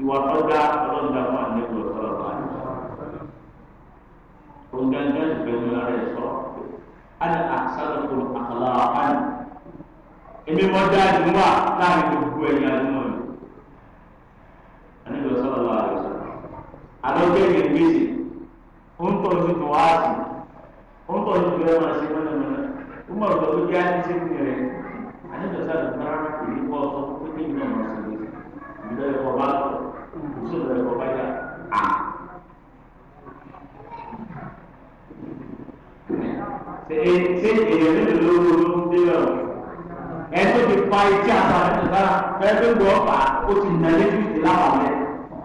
ìwà tó dáa ọlọ́run dá fún àlejò ọ̀sọ̀rọ̀ báyìí. òǹgàǹgà ìgbẹ́nu lára ẹ̀ sọ àti àṣàlùkù àkàlà àpáyì. èmi mọ dá ìdúnwà láàrin ń tọ́ sí tó wá sí ó ń tọ́ sí tó yẹ máa ṣe mọ́nàmọ́ná ó mọ̀ lọ bí á ní sẹ́kùn rẹ̀ àníjọ́sá ló fara èyí kọ́ sọ pé kí ni ọmọ sí i ìlú ẹ̀kọ́ bá lọ ìṣó ìlú ẹ̀kọ́ bá yà á. ṣe èèyàn nínú lóru ló ń dé ọ̀rọ̀ ẹ tó ti pa etí àtàwọn ẹ̀sán sára fẹ́ẹ́ tó gbọ́ ọ̀pá ó ti nà létí ìdílé àwọn ọ̀rẹ́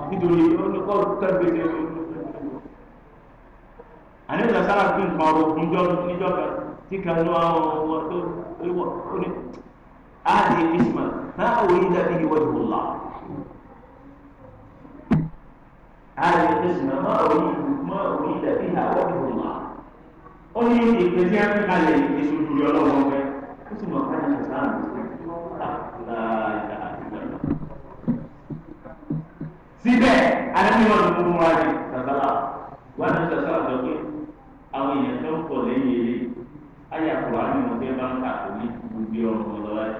nítorí ó ní kọ́ àníbi sàṣàrà fi nǹkan ro níjọ níjọ kan tí kan ní àwọn ọmọ tó ó ní àti ìsìmà náà àwọn yìí dàbí ìwọ ìwọ là àti ìsìmà náà àwọn yìí náà àwọn yìí dàbí ìwọ ìwọ là ó ní ìpèsè ẹ̀fí kalẹ̀ ìpèsè òjòjì ọlọ́wọ́ ọ̀fẹ́ ó sì mọ̀ ká ní sàṣàrà síbẹ̀ alẹ́ mi náà ló mú wáyé sàṣàrà wáyé sàṣàrà tó kéwòn. àwọn èèyàn tó ń pọ̀ lẹ́yìn eré ayàkùrọ̀ àmì ọ̀tẹ́ bá ń kà kó ní gbogbo ọmọ lọ́wọ́ ẹ̀.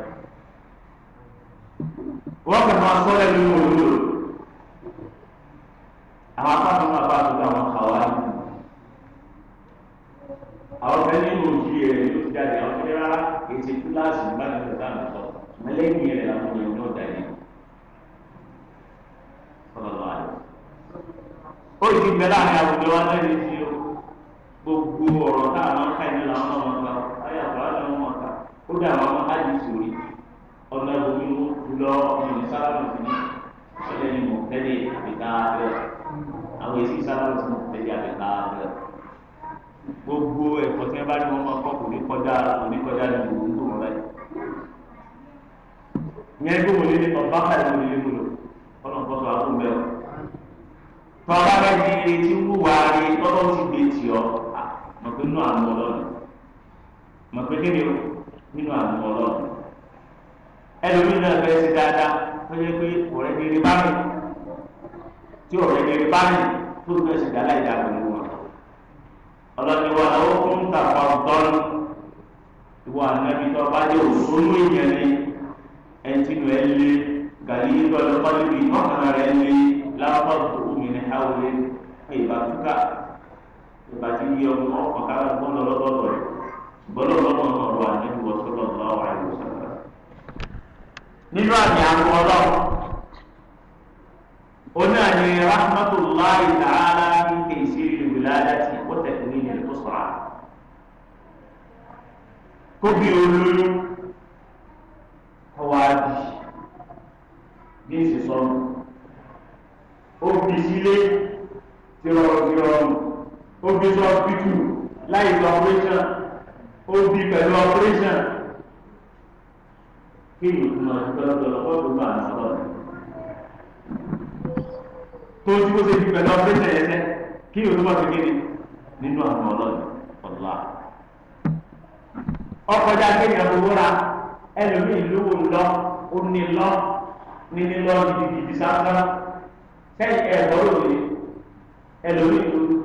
wọ́n kàn máa sọ ẹ̀ nínú òwúrò àwọn apákan máa bá àtúntò àwọn kàwá yìí. àwọn ọ̀fẹ́ nínú òjì rẹ̀ ló ti jáde àwọn ọ̀fẹ́ rárá ètò kíláàsì ìbánidọ́ dáná sọ mẹlẹ́yìn rẹ̀ làwọn èèyàn náà dà ó ti bẹ̀rẹ̀ àárín àwùjọ wa náà ní ti gbogbo ọ̀rọ̀ tá a máa ń ka ìlú làwọn náà máa ń ka ayé àbúrò àti àwọn máa ka ó dà wọn máa di sórí ọ̀nà ìbomi mú lọ ọ̀nà sálámù sí ní ọ̀lẹ́ ni mò ń tẹ́lẹ̀ àbíká abẹ́rẹ́ àwọn èsì sálámù sí mò ń tẹ́lẹ̀ àbíká abẹ́rẹ́ gbogbo ẹ̀kọ́ tí wọ́n bá ní wọ́n máa kọ́ kò ní kọjá kò ní kọjá ní ìlú tó wọ́n láyé. ìyẹn bí wọ́n lé ọba káyọ̀ wọ́n lé múlò ọlọ́run kọ́ sọ àkóńbẹ́ wọn. tọ́lá mọ̀ pé nínú àwọn ọlọ́run mọ̀ pé kí ni o nínú àwọn ọlọ́run ẹlòmíín náà fẹ́ sí dáadáa ó yẹ pé ọ̀rẹ́ gẹ́gẹ́ bá mi tí ọ̀rẹ́ gẹ́gẹ́ bá mi tó fẹ́ sí dáadáa ìdá pẹ̀lú wọn ọlọ́ni wa ó ń tàpá ọ̀dọ́rùn ìwọ ànábi tó bá jẹ́ òṣòwò èèyàn ni ẹni tí ló ẹ lé gàlí ìgbọ́dọ̀ pálíbi ọkàn rẹ̀ lé lápá tó omi ní àwòrán ìbàdí yẹ ọmọ ọ̀kàrà gbọ́dọ̀ lọ́dọ̀ọ̀dọ̀ rẹ̀ gbọ́dọ̀ lọ́mọ náà wà nínú ọ̀sọ́dọ̀ náà wà ní ọ̀sọ́dọ̀. nínú àmì àwọn ọlọ́run oní àmì rahmatulahi ta'ala ní kèsì ìwìládàtì wọ́tẹ̀kùn ní ìlú tó sọ̀rọ̀ kóbi olóyún ọwọ́ àbí ní ìsìsọ́nù ó bí sílé tí rọrùn tí rọrùn ó bí sọ pípù láì lọ operation ó bí pẹ̀lú operation kí ìtumọ̀ ìgbàlódọ́lọ́ fọ́ọ̀tù bá a sọ̀rọ̀ tó tí ó ṣe bí pẹ̀lú operation yẹn sẹ́ kí ìtumọ̀ ti kéde nínú àwọn ọlọ́ọ̀dì ọ̀la ọkọjá kéèyàn gbogbo ra ẹlòmíì lówó ńlọ ó ní lọ ní nílọ gidigidi sáfárá sẹ́yìn ẹ̀rọ òde ẹlòmíì lówó.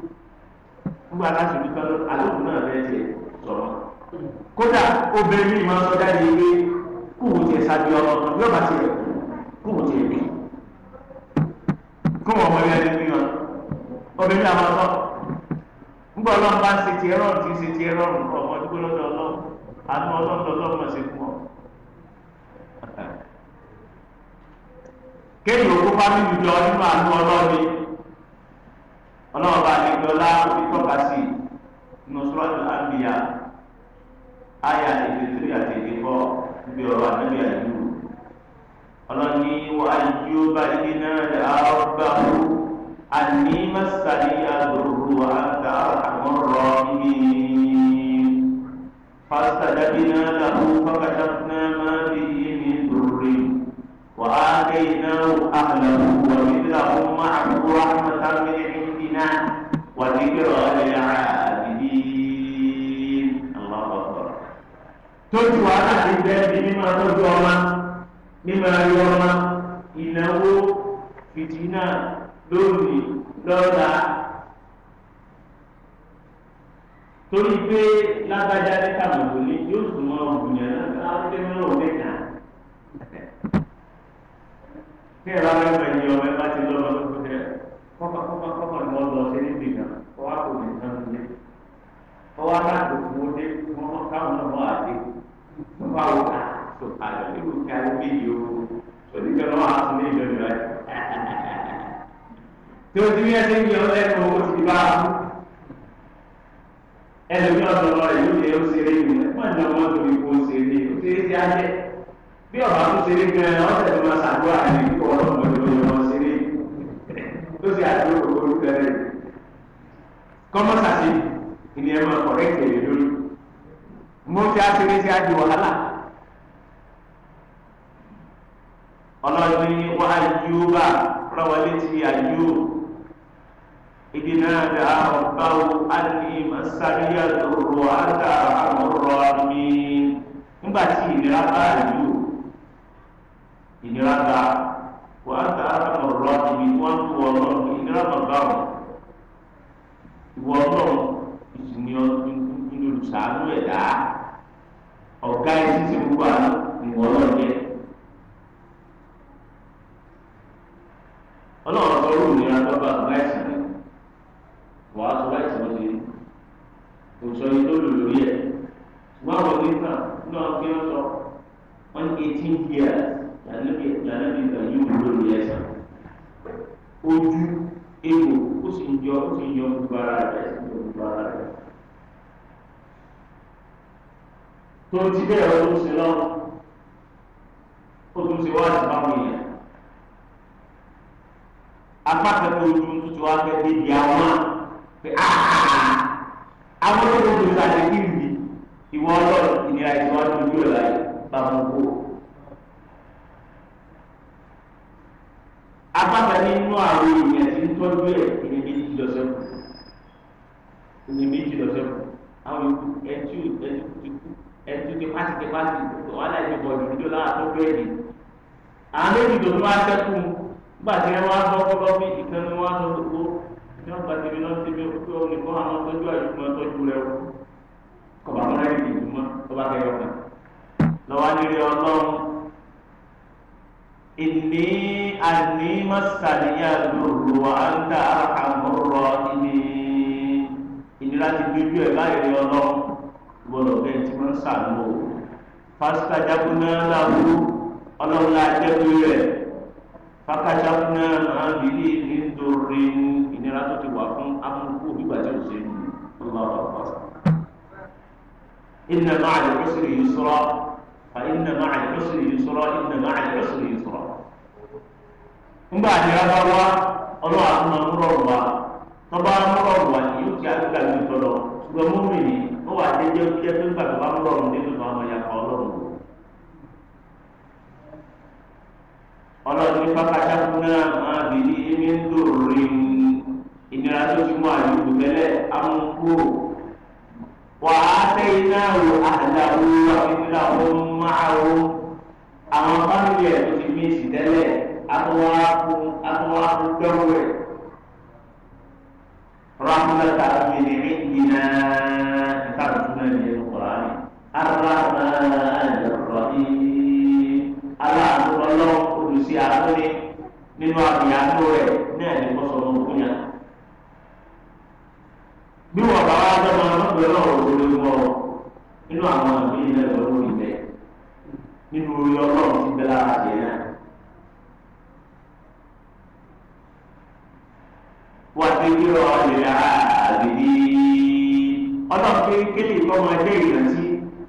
nígbà láti rí tọ́lọ́ àlòkù náà rẹ̀ ṣe sọ̀rọ̀ kódà obìnrin mi máa ń sọ jáde pé kúwò tiẹ̀ sáájú ọmọ yóò bá tiẹ̀ kúwò tiẹ̀ bí kúwò ọmọ yẹn ní wọn obìnrin àwọn ọmọ nígbà ọlọ́run bá ń ṣe tiẹ̀ rọrùn tí ń ṣe tiẹ̀ rọrùn ọmọ dúró lọ́dọ̀ ọlọ́run àánú ọlọ́run lọ́dọ̀ ṣe fún ọ. kéèyàn kó fámìlì jọ nínú àánú ọlọ́run ọlọ́run bá mi jọ láàbí tọ́ka sí inú sọ́ọ́dún àbíyá àyà èdè tírí àti èdè kọ́ níbi ọ̀rọ̀ àdébí àìlú ọlọ́run ní wà ju bá ilé náà lè àrọ́gbà ó àní mẹ́sàlẹ̀ àgbòrò àgbà àwọn ọ̀rọ̀ mi. فاستجبنا له فكشفنا ما به من ضر وآتيناه أهله ومثلهم معه رحمة من وذكرى للعابدين الله أكبر tójú wàhálà ti bẹ́ẹ̀ di mímọ tójú ọmọ mímọ ayé ọmọ ìnáwó fìtínà lónìí lọ́la torí pé lágbájá ní kàmùkù ni yóò sùn mọ́ ògùnyàn náà láti mọ́ òmẹ́ta bí ẹ̀rọ abẹ́fẹ́ ni ọmọ ẹ bá ti lọ́mọ tó kọ́mà kọ́mà kọ́mà ni wọ́n lọ sí níbi ìgbà kọ́ wá kò nìkan lé kọ́ wá láti òkú ọdẹ wọ́n mọ káwọn náà wọ́n á dé wọ́n bá wò á tó àlọ́ nínú ká ilé yìí o onígbà náà á tún ní ìlú ìlú ẹ̀ tí o ti rí ẹsẹ̀ yìí ọ lẹ́nu o ti bá a mú ẹlòmíì ọ̀dọ̀ lọ rẹ̀ yóò yẹ ó ṣeré yìí wọ́n ní ọmọ tó ní kó ṣeré ó ṣeré sí ajẹ́ bí ọ̀bà tó ṣeré gan-an ọ̀sẹ̀ tó máa ṣàdúrà ní ìkọ̀ ọ̀rọ̀ ọ̀gbọ̀n tó yọ tó ṣe àdúró gbogbo orúkọ rẹ̀ kọ́mọ́sàsì ìní ẹ̀ máa kọ̀rẹ́kì ẹ̀ lórí mo ṣe àṣírí sí àjò wàhálà ọlọ́run ní wọ́n ayúbà rọwọlé ti ayú ìdí náà dá ọ̀báwò àti màsàríyà lòrò àgbà àmọ̀rọ̀ mi nígbà tí ìnira bá ìlú ìnira bá wà á ta àtàkùn ọ̀rọ̀ ibi tí wọ́n ń tu ọlọ́run kí ìnira máa bá wọn ìwọ ọlọ́run ìsìnì olùsàánú ẹ̀dá ọ̀gá ẹ̀sìn sí gbogbo àná ìwọ 做几件人东西呢？ẹ̀ láì rí ọlọ́ gbọdọ̀ bẹ́ẹ̀ tí wọ́n ń sàánú o pásítà jákúná láwùú ọlọ́run la jẹ́kú rẹ̀ fákàjákúná máa ń bìí nítorí ìnira tó ti wà fún amúkú bíbà tí ó ṣe ní ọlọ́run ọ̀pọ̀sọ̀. إن مع العسر يسرا فإن مع العسر يسرا إن مع العسر يسرا ńgbà àdìrà bá wá ọlọ́run àtúnmọ̀ ń wá tọ́ba ń wá yóò ti àgbàgbé tọ́lọ́ gbọmọ mi ni ó wà jẹjẹ kí ẹ tó ń gbàgbọ́ bá ń rọrùn nínú àwọn ọmọ yàtọ̀ ọlọ́run ọlọ́run ní pápákọ̀ fún náà máa bì ní ẹni ń dòrò ìnira tó fi mú àyùkù bẹ́lẹ̀ amúkúrò wà á tẹ́yìn náà wò àdàwó àfihàn àwọn máa wò àwọn fámìlì ẹ̀ tó ti mí ìsìtẹ́lẹ̀ àtúwárá fún àtúwárá fún gbẹ́wò rẹ̀ rahmata min indina kita berjumpa di Al-Quran Ar-Rahman Ar-Rahim Allah Allah kudusi aku ni nínú àmì àánú rẹ̀ ní ẹni kó sọ ọmọ fún yàn bí wọn bá wá dọ́gba lọ́gbẹ̀ẹ́ lọ́wọ́ òdodo mọ́ ọ nínú àwọn àmì ilẹ̀ lọ́wọ́ ti bẹ́ lára lọ ìlà àdìdí ọlọ́pẹ́ kéde ìfọ́mọ ẹgbẹ́ ìrántí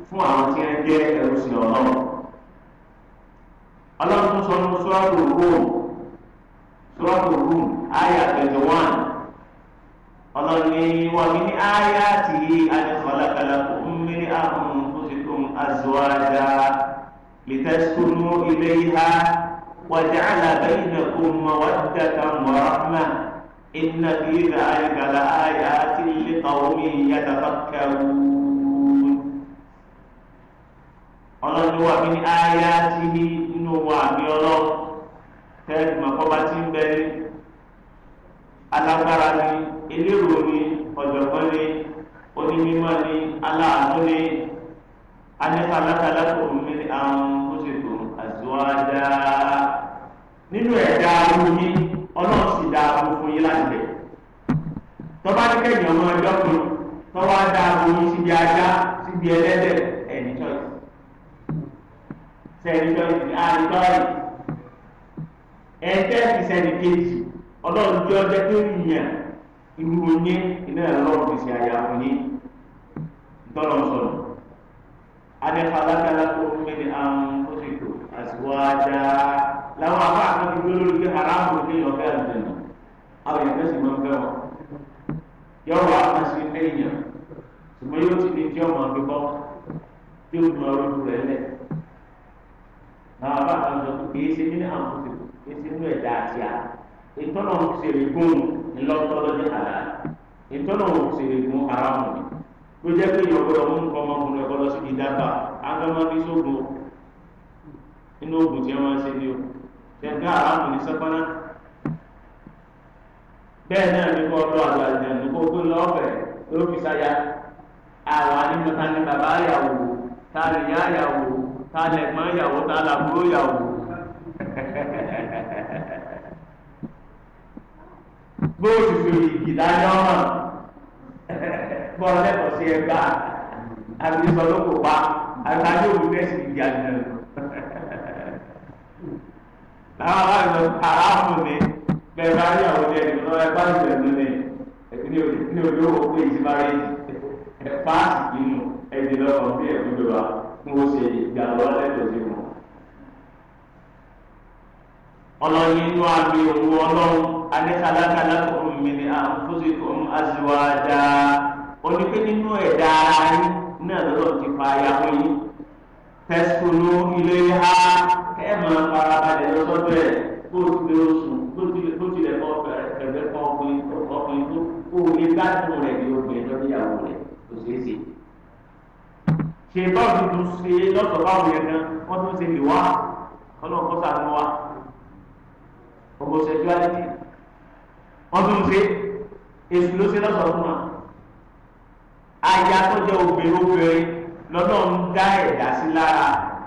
fún àwọn tí wọ́n jẹ́ ẹrú sí ọlọ́run ọlọ́run tó sọ ní sọ́ọ́tò rúùn sọ́ọ́tò rúùn àyà twenty one ọlọ́ni wọ́n mi ní àyà tì í àdìfọ́lákàlà kò ń mírí àrùn tó ti ilé ìhá wàjà àlàbẹ́yìn náà kò mọ̀ إن في ذلك لآيات لقوم يتفكرون ọlọ́run wà mí ní ayé àti ní inú wa àmì ọlọ́run tẹ́lẹ̀ mọ̀kọ́ba tí ń bẹ ní alágbára ní elérò ní ọ̀jọ̀gbọ́n ní onímọ̀ ní aláàánú ní anífàlákàlá kò mí ní àwọn tó ṣètò àzọ́ádá nínú ẹ̀dá omi ọlọ́run sì dáa gbogbo yín láti bẹ̀. tọ́ba ní kẹ́yìn ọmọ ẹjọ́ kan tọ́wọ́ á dáa gbogbo síbi ajá síbi ẹlẹ́dẹ̀ ẹ̀ní tọ́yì. sẹ́ni tọ́yì ní àárín tọ́yì. ẹ̀ńtẹ́ ti sẹ́ni kejì ọlọ́run jẹ́ ọjọ́ tó yìnyàn irú oní iná ọlọ́run fi ṣe àyà fún yín. ntọ́lọ́ sọ̀rọ̀ adé falákàlà tó ń mẹ́ni àwọn fọ́sìkò àti wáá làwọn àbá àti gbígbé lórí pé haramu ní kéèyàn fẹ́ àlùjẹ̀nà àwọn èèyàn fẹ́sì máa ń fẹ́ wọn. yọ̀wọ̀ àkànṣe ẹ̀yàn ṣùgbọ́n yóò ti di tí ọmọ àgbẹ̀kọ́ tí ó dùn ọrọ̀ rẹ̀ lẹ̀. làwọn àbá àti gbígbé kìí ṣe nínú àwọn kìí ṣe nínú ẹ̀dá àti à. ìtọ́nà òṣèré gún ńlọ́tọ́ lọ́jọ́ àlá ìtọ́nà òṣèré gún haramu ni. ló jẹ́ pé ìyọ̀gbọ́dọ̀ ọmọkùnrin ọ̀gbọ́dọ̀ sí kẹ̀kẹ́ àràmù ní sẹ́pọ́nà bẹ́ẹ̀ náà ní kó ọlọ́ ní kó àwọn ní bàbá a lè yá yàwó tá a fi dájọ́ hàn bọ́ọ̀lù lẹ́kọ̀ọ́ sí àbí pa àbí Ah, aláàbò aráàbò ni bẹ́ẹ̀ bá rí àwọn ọdẹ ìlú lọ́wọ́ ẹgbẹ́ ìlú ẹ̀dùn ni ẹ̀sìn ní ojú owó pé ìsìmárẹ́jì ẹ̀ páàsì nínú ẹ̀dùn lọ́wọ́ bí ẹ̀dùn wa fún ó ṣe ìgbàlọ́ lẹ́tọ̀ọ́ sí wọn. ọlọ́yin inú àmì òwú ọlọ́run anẹ́sàlákàlà ọ̀hún mi ni àǹfóṣekùn aṣíwájà onípé nínú ẹ̀dá ara yín náà lọ́dọ̀ ti fa ayáwó yín ẹ máa para balẹ̀ lọ́sọ́dọ̀ ẹ̀ bó tilẹ̀ oṣù bó tilẹ̀ kọ́ ẹ̀fẹ́ kọ́ ọkùnrin tó kó o lè gbádùn rẹ̀ ní obìnrin lọ́dún ìyàwó rẹ̀ kò ṣeé ṣe. ṣe báwo tuntun ṣe lọ́sọ̀ báwo yẹn gan wọ́n tún ṣe lè wá ọlọ́run kọ́ sàánú wa ọmọ ṣẹjú alẹ́tì wọ́n tún ṣe èsì ló ṣe lọ́sọ̀ fún wa. àyà tó jẹ́ obìnrin obìnrin lọ́dọ̀ ń dá ẹ̀dá sí lára.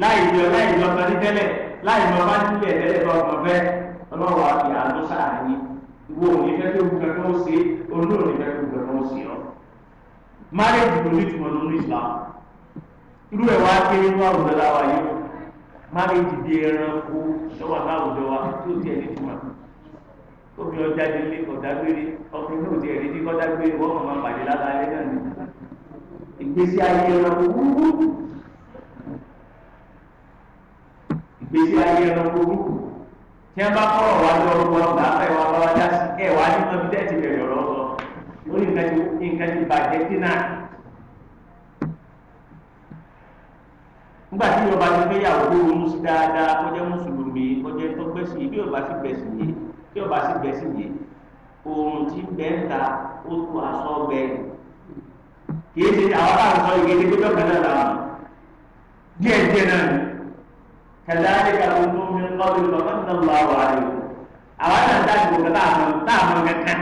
láì yọ láì yọ tọ́lí tẹ́lẹ̀ láì yọ bá nílẹ̀ tẹ́lẹ̀ tó ọkàn fẹ́ ọlọ́wọ́ àti àánú sáàárín wo òní fẹ́ kí ogun kankan ó ṣe olú òní fẹ́ kí ogun kankan ó ṣe ọ́. marriage kò ní ìtumọ̀ lórí Islam irú ẹ̀ wá kéré ní àwùjọ láwa yìí marriage bí ẹranko ṣọwọ́ láwùjọ wa tó tiẹ̀ ní ìtumọ̀ omi ọjà ti lé ọ̀dágbére ọkùnrin náà ti ẹ̀rí ní kọ́dágbére wọ́n mọ̀ máa pàdé lábàálẹ̀ náà ní ìgbésí ayé ẹranko wúwú gbèsè ayé ẹran burúkú tí wọn bá kọrọ wá lọ ọgbọ ọgbà afẹ wa bá wa dá sí ẹ wà á ní mọbi dẹ́ẹ̀tì bẹ̀rẹ̀ ọ̀rọ̀ sọ ó ní nǹkan ti nǹkan ti bàjẹ́ dínà. nígbà tí yorùbá ti fẹ́ yàwó ló ronú sí dáadáa kó jẹ́ mùsùlùmí kó jẹ́ tó gbẹ̀sì yìí bí yorùbá sì gbẹ̀sì yìí bí yorùbá sì gbẹ̀sì yìí oòrùn ti bẹ́ẹ̀ ta ó tó aṣọ bẹ́ẹ̀ kì í ṣe àwọn àrùn sọ ìgbésẹ̀ gbẹ́dọ̀ kan náà làwọn náà ni. كذلك الأمم من قبل فمن الله عليكم àwọn àti àti àti òkè táàmù táàmù kẹkẹ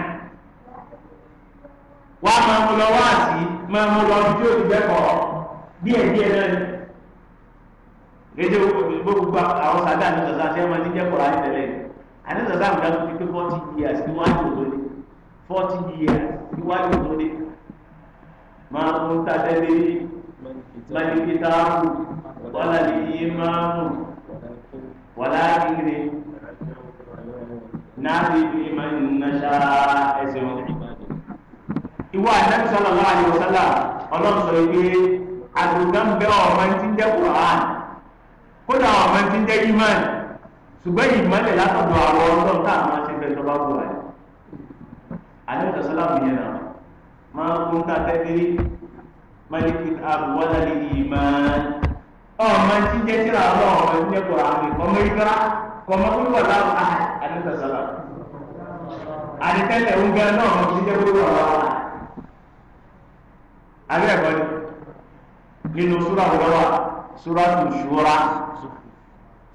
wà á máa mú lọ wá sí máa mú lọ bí ó ti gbẹkọ díẹ̀ díẹ̀ náà ni gbèdé gbogbo àwọn sàdá àti sàdá àti ẹmọ ti jẹkọ láti tẹ́lẹ̀ àti sàdá àti sàdá ti pé forty years kí wọn á yóò tó dé forty years kí wọn á yóò tó dé máa mú tàdé lé malikita wàlálì yìí máa mú wàlá kíkiri náà ti fi máa ń náṣà ẹsẹ̀ wọn. ìwọ àdáni sallallahu alaihi wasallam ọlọ́run sọ pé àgùntàn bẹ ọmọ ti ń jẹ́ Qur'an kódà ọmọ ti ń jẹ́ imán ṣùgbọ́n ìmọ̀lẹ̀ látọ̀dọ̀ àwọn ọlọ́run tá a máa ṣe bẹ́ẹ̀ tó bá wù wáyé. àdáni sallallahu yẹn náà máa ń kún ká tẹ́tí mẹ́lìkì àbúwálá ní ìmán ọmọ ti jẹ́ tíra ọlọ́run ọmọ ti jẹ́ kóra àwọn ìkọ́ mẹ́ríkà kọ́mọ kúrò láwọn àhà àdúgbòsọ́lá àdìtẹ́lẹ̀ oúnjẹ náà ọmọ ti jẹ́ kóra ọlọ́run àbẹ́ ẹ̀kọ́ ni nínú súra wọlọ́wà súra tó ṣúra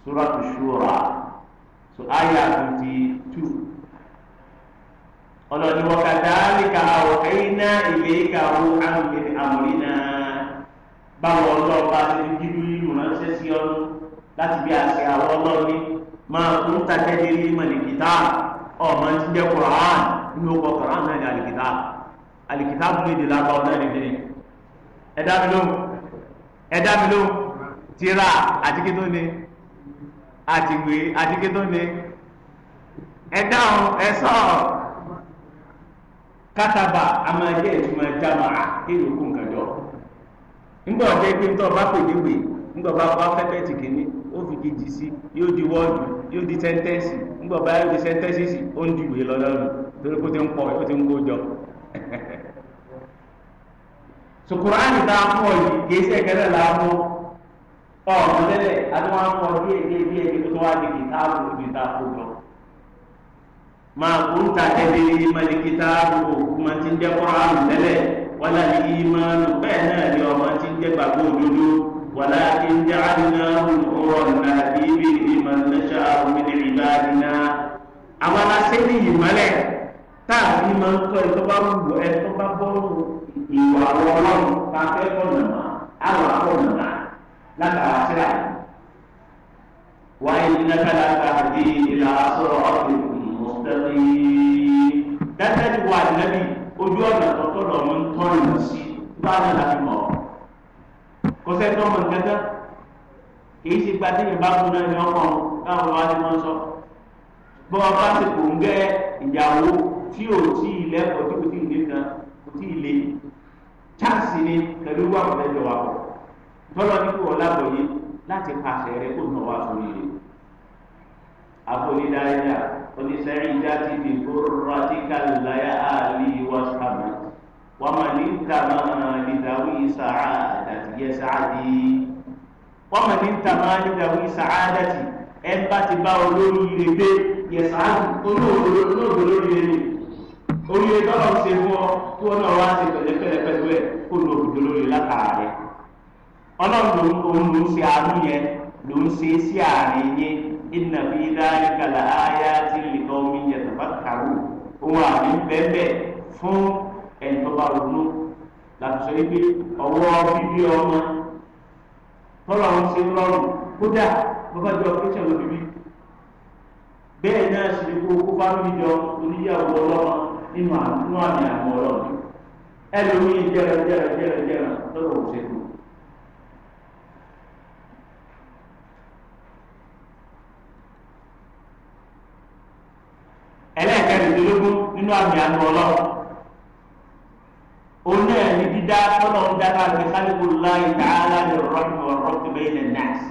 súra tó ṣúra so àyà twenty two ọlọ́ni wọ́kàdáàlìkà àwọ̀kẹ́yìnà ìlẹ́yìnkà wọ́n àmì àmì náà báwọn ọlọ́ọ̀bá ti di jíjúlẹ̀. ma sí ọdún láti bí àṣẹ àwọn ọlọ́ọ̀ni máa ń takẹ́lé ní mọ̀lẹ́kìtà ọmọ ti jẹ́ Qur'an inú ọkọ̀ Qur'an náà ní àlìkìtà àlìkìtà bú èdè lábàá mi ló mi ló àtikító ni àtìgbè àtikító ni ọ ẹ̀sọ́ kátàbà amadé ìtumọ̀ jama'a kí ló kún kájọ. nígbà ọ̀jẹ̀ pé bá pè ńgbọ̀bá bá fẹ́fẹ́ tì kìíní ó fi kejì sí yóò di wọ́ọ̀dù yóò di sẹ́ńtẹ́sì ńgbọ̀bá yóò di sẹ́ńtẹ́sì sí ó ń dìwé lọ́lọ́run torí kó ti ń pọ̀ ó ti ń kó jọ. sùkúránì tá a fọ yìí kì í ṣe kẹlẹ́ la mú ọ̀rọ̀ lẹ́lẹ̀ adúmọ̀ afọ díẹ̀ díẹ̀ díẹ̀ kí tó wá di kìtáàbù òbí tá a kó jọ. máa kó ń ta ẹbí mali kìtáàbù òkú máa ti ń jẹ́ kọ́ra lẹ́lẹ̀ wọ́n lá ولكن جعلناه نورا نهدي به من نشاء من عبادنا àwọn aláṣẹ́ni ìmọ́lẹ̀ táàbí máa ń kọ́ ẹ̀tọ́ bá wù ẹ̀tọ́ bá bọ́ọ̀lù ìwà ọlọ́run bá fẹ́ kọ́nà mọ́ àwọn akọ́nà mọ́ látara síra wáyé nínákàlà káàdì ìlà sọ̀rọ̀ ọ̀gbìn mọ̀tẹ́lì dájáde wà nábì ojú ọ̀nà kò sẹ́ni ọmọ nǹkan tán kìí ṣe gba téèyàn bá kú náà ní ọmọ káwọn wá ní wọn sọ bọ́ wọn bá ti kò ń gẹ́ ìyàwó tí ò tí ì lẹ́kọ̀ọ́ tí kò tí ì lé kan kò tí ì lé chance ni pẹ̀lú wà pẹ̀lú wa pọ̀ tọ́lọ́ ní kí wọ́n lábọ̀ yé láti pàṣẹ rẹ kó nà wá sórí rẹ àpòlídáyà oníṣẹ́rí ìjà ti dìbò rọ́tíkà láyà àlè wọ́s ومن انتمى لذوي سعادة يسعدي ومن انتمى لذوي سعادة ẹ bá ti bá olórí ire dé yẹsàádì olóògbé olórí ire ni oríire tọ́lọ̀ ṣe fún ọ kí wọn náà wá ṣe pẹ̀lẹ́pẹ̀lẹ́ pẹ̀lú ẹ̀ kó lo òbí olórí látara ọlọ́run òun ló ń ṣe àánú yẹn ló ń ṣe sí àárín yín inna fi dhalika la ayatin li qaumin yatafakkarun òun àmì bẹ́ẹ̀ bẹ́ẹ̀ fún ẹni tó bá ronú láti sọ wípé ọwọ́ bíbí ọmọ tọ́lọ̀ ń ṣe rọrùn kódà bó bá jọ kí sẹ́wọ́n bíbí bẹ́ẹ̀ náà sì ni kó kó bá mi jọ oníyàwó ọlọ́mọ nínú àánú àmì àwọn ọlọ́mọ ẹlòmíì jẹrẹ jẹrẹ jẹrẹ jẹrẹ tọ́lọ̀ ń ṣe kú. ẹlẹ́ẹ̀kẹ́rìndínlógún nínú àmì àánú ọlọ́mọ oní ẹni dídá kọ́nà ń dá káàkiri kálíkù láì tààlà lè rọ́ọ̀tì wọ rọ́ọ̀tì bẹ́ẹ̀ lè nàás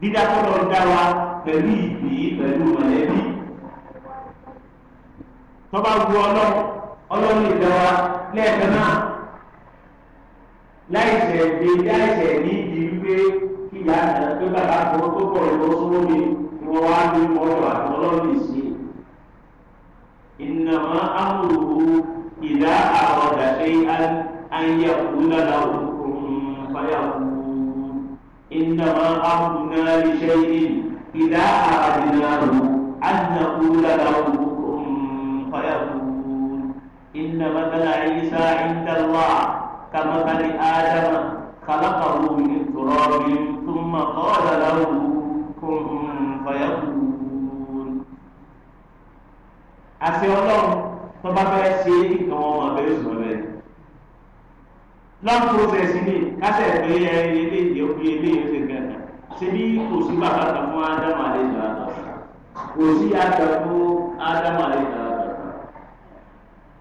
dídá kọ́nà ń dá wa pẹ̀lú ìbí pẹ̀lú mọ̀lẹ́bí tọ́ba wu ọlọ́run ọlọ́run lè dá wa lẹ́ẹ̀kan náà láì ṣẹ̀dé láì ṣẹ̀dé ìdí wípé kí ìyá àná pé bàbá kan tó pọ̀ lọ sówó mi wọ́n wá ní ọjọ́ àti ọlọ́run lè ṣe ìnàmọ́ ìdá àwọn ọ̀dàṣe ayé kúlá làwọn òkùnkùn fàyà kú. إنما أمرنا لشيء إذا أردناه أن نقول له كن فيكون إن مثل عيسى عند الله كمثل آدم خلقه من تراب ثم قال له كن فيكون àṣẹ ọlọ́run tó bá fẹ́ ṣe nǹkan wọn máa bẹ̀rẹ̀ sùn lọ́lẹ̀. long process ni kásẹ̀ pé ẹ ilé ìdí ó fi ilé ìwé ṣe gẹ̀ẹ́gà ṣe bí kò sí bàbá kan fún ádámù àlẹ́ ìjọba kò sí àgbà fún ádámù àlẹ́ ìjọba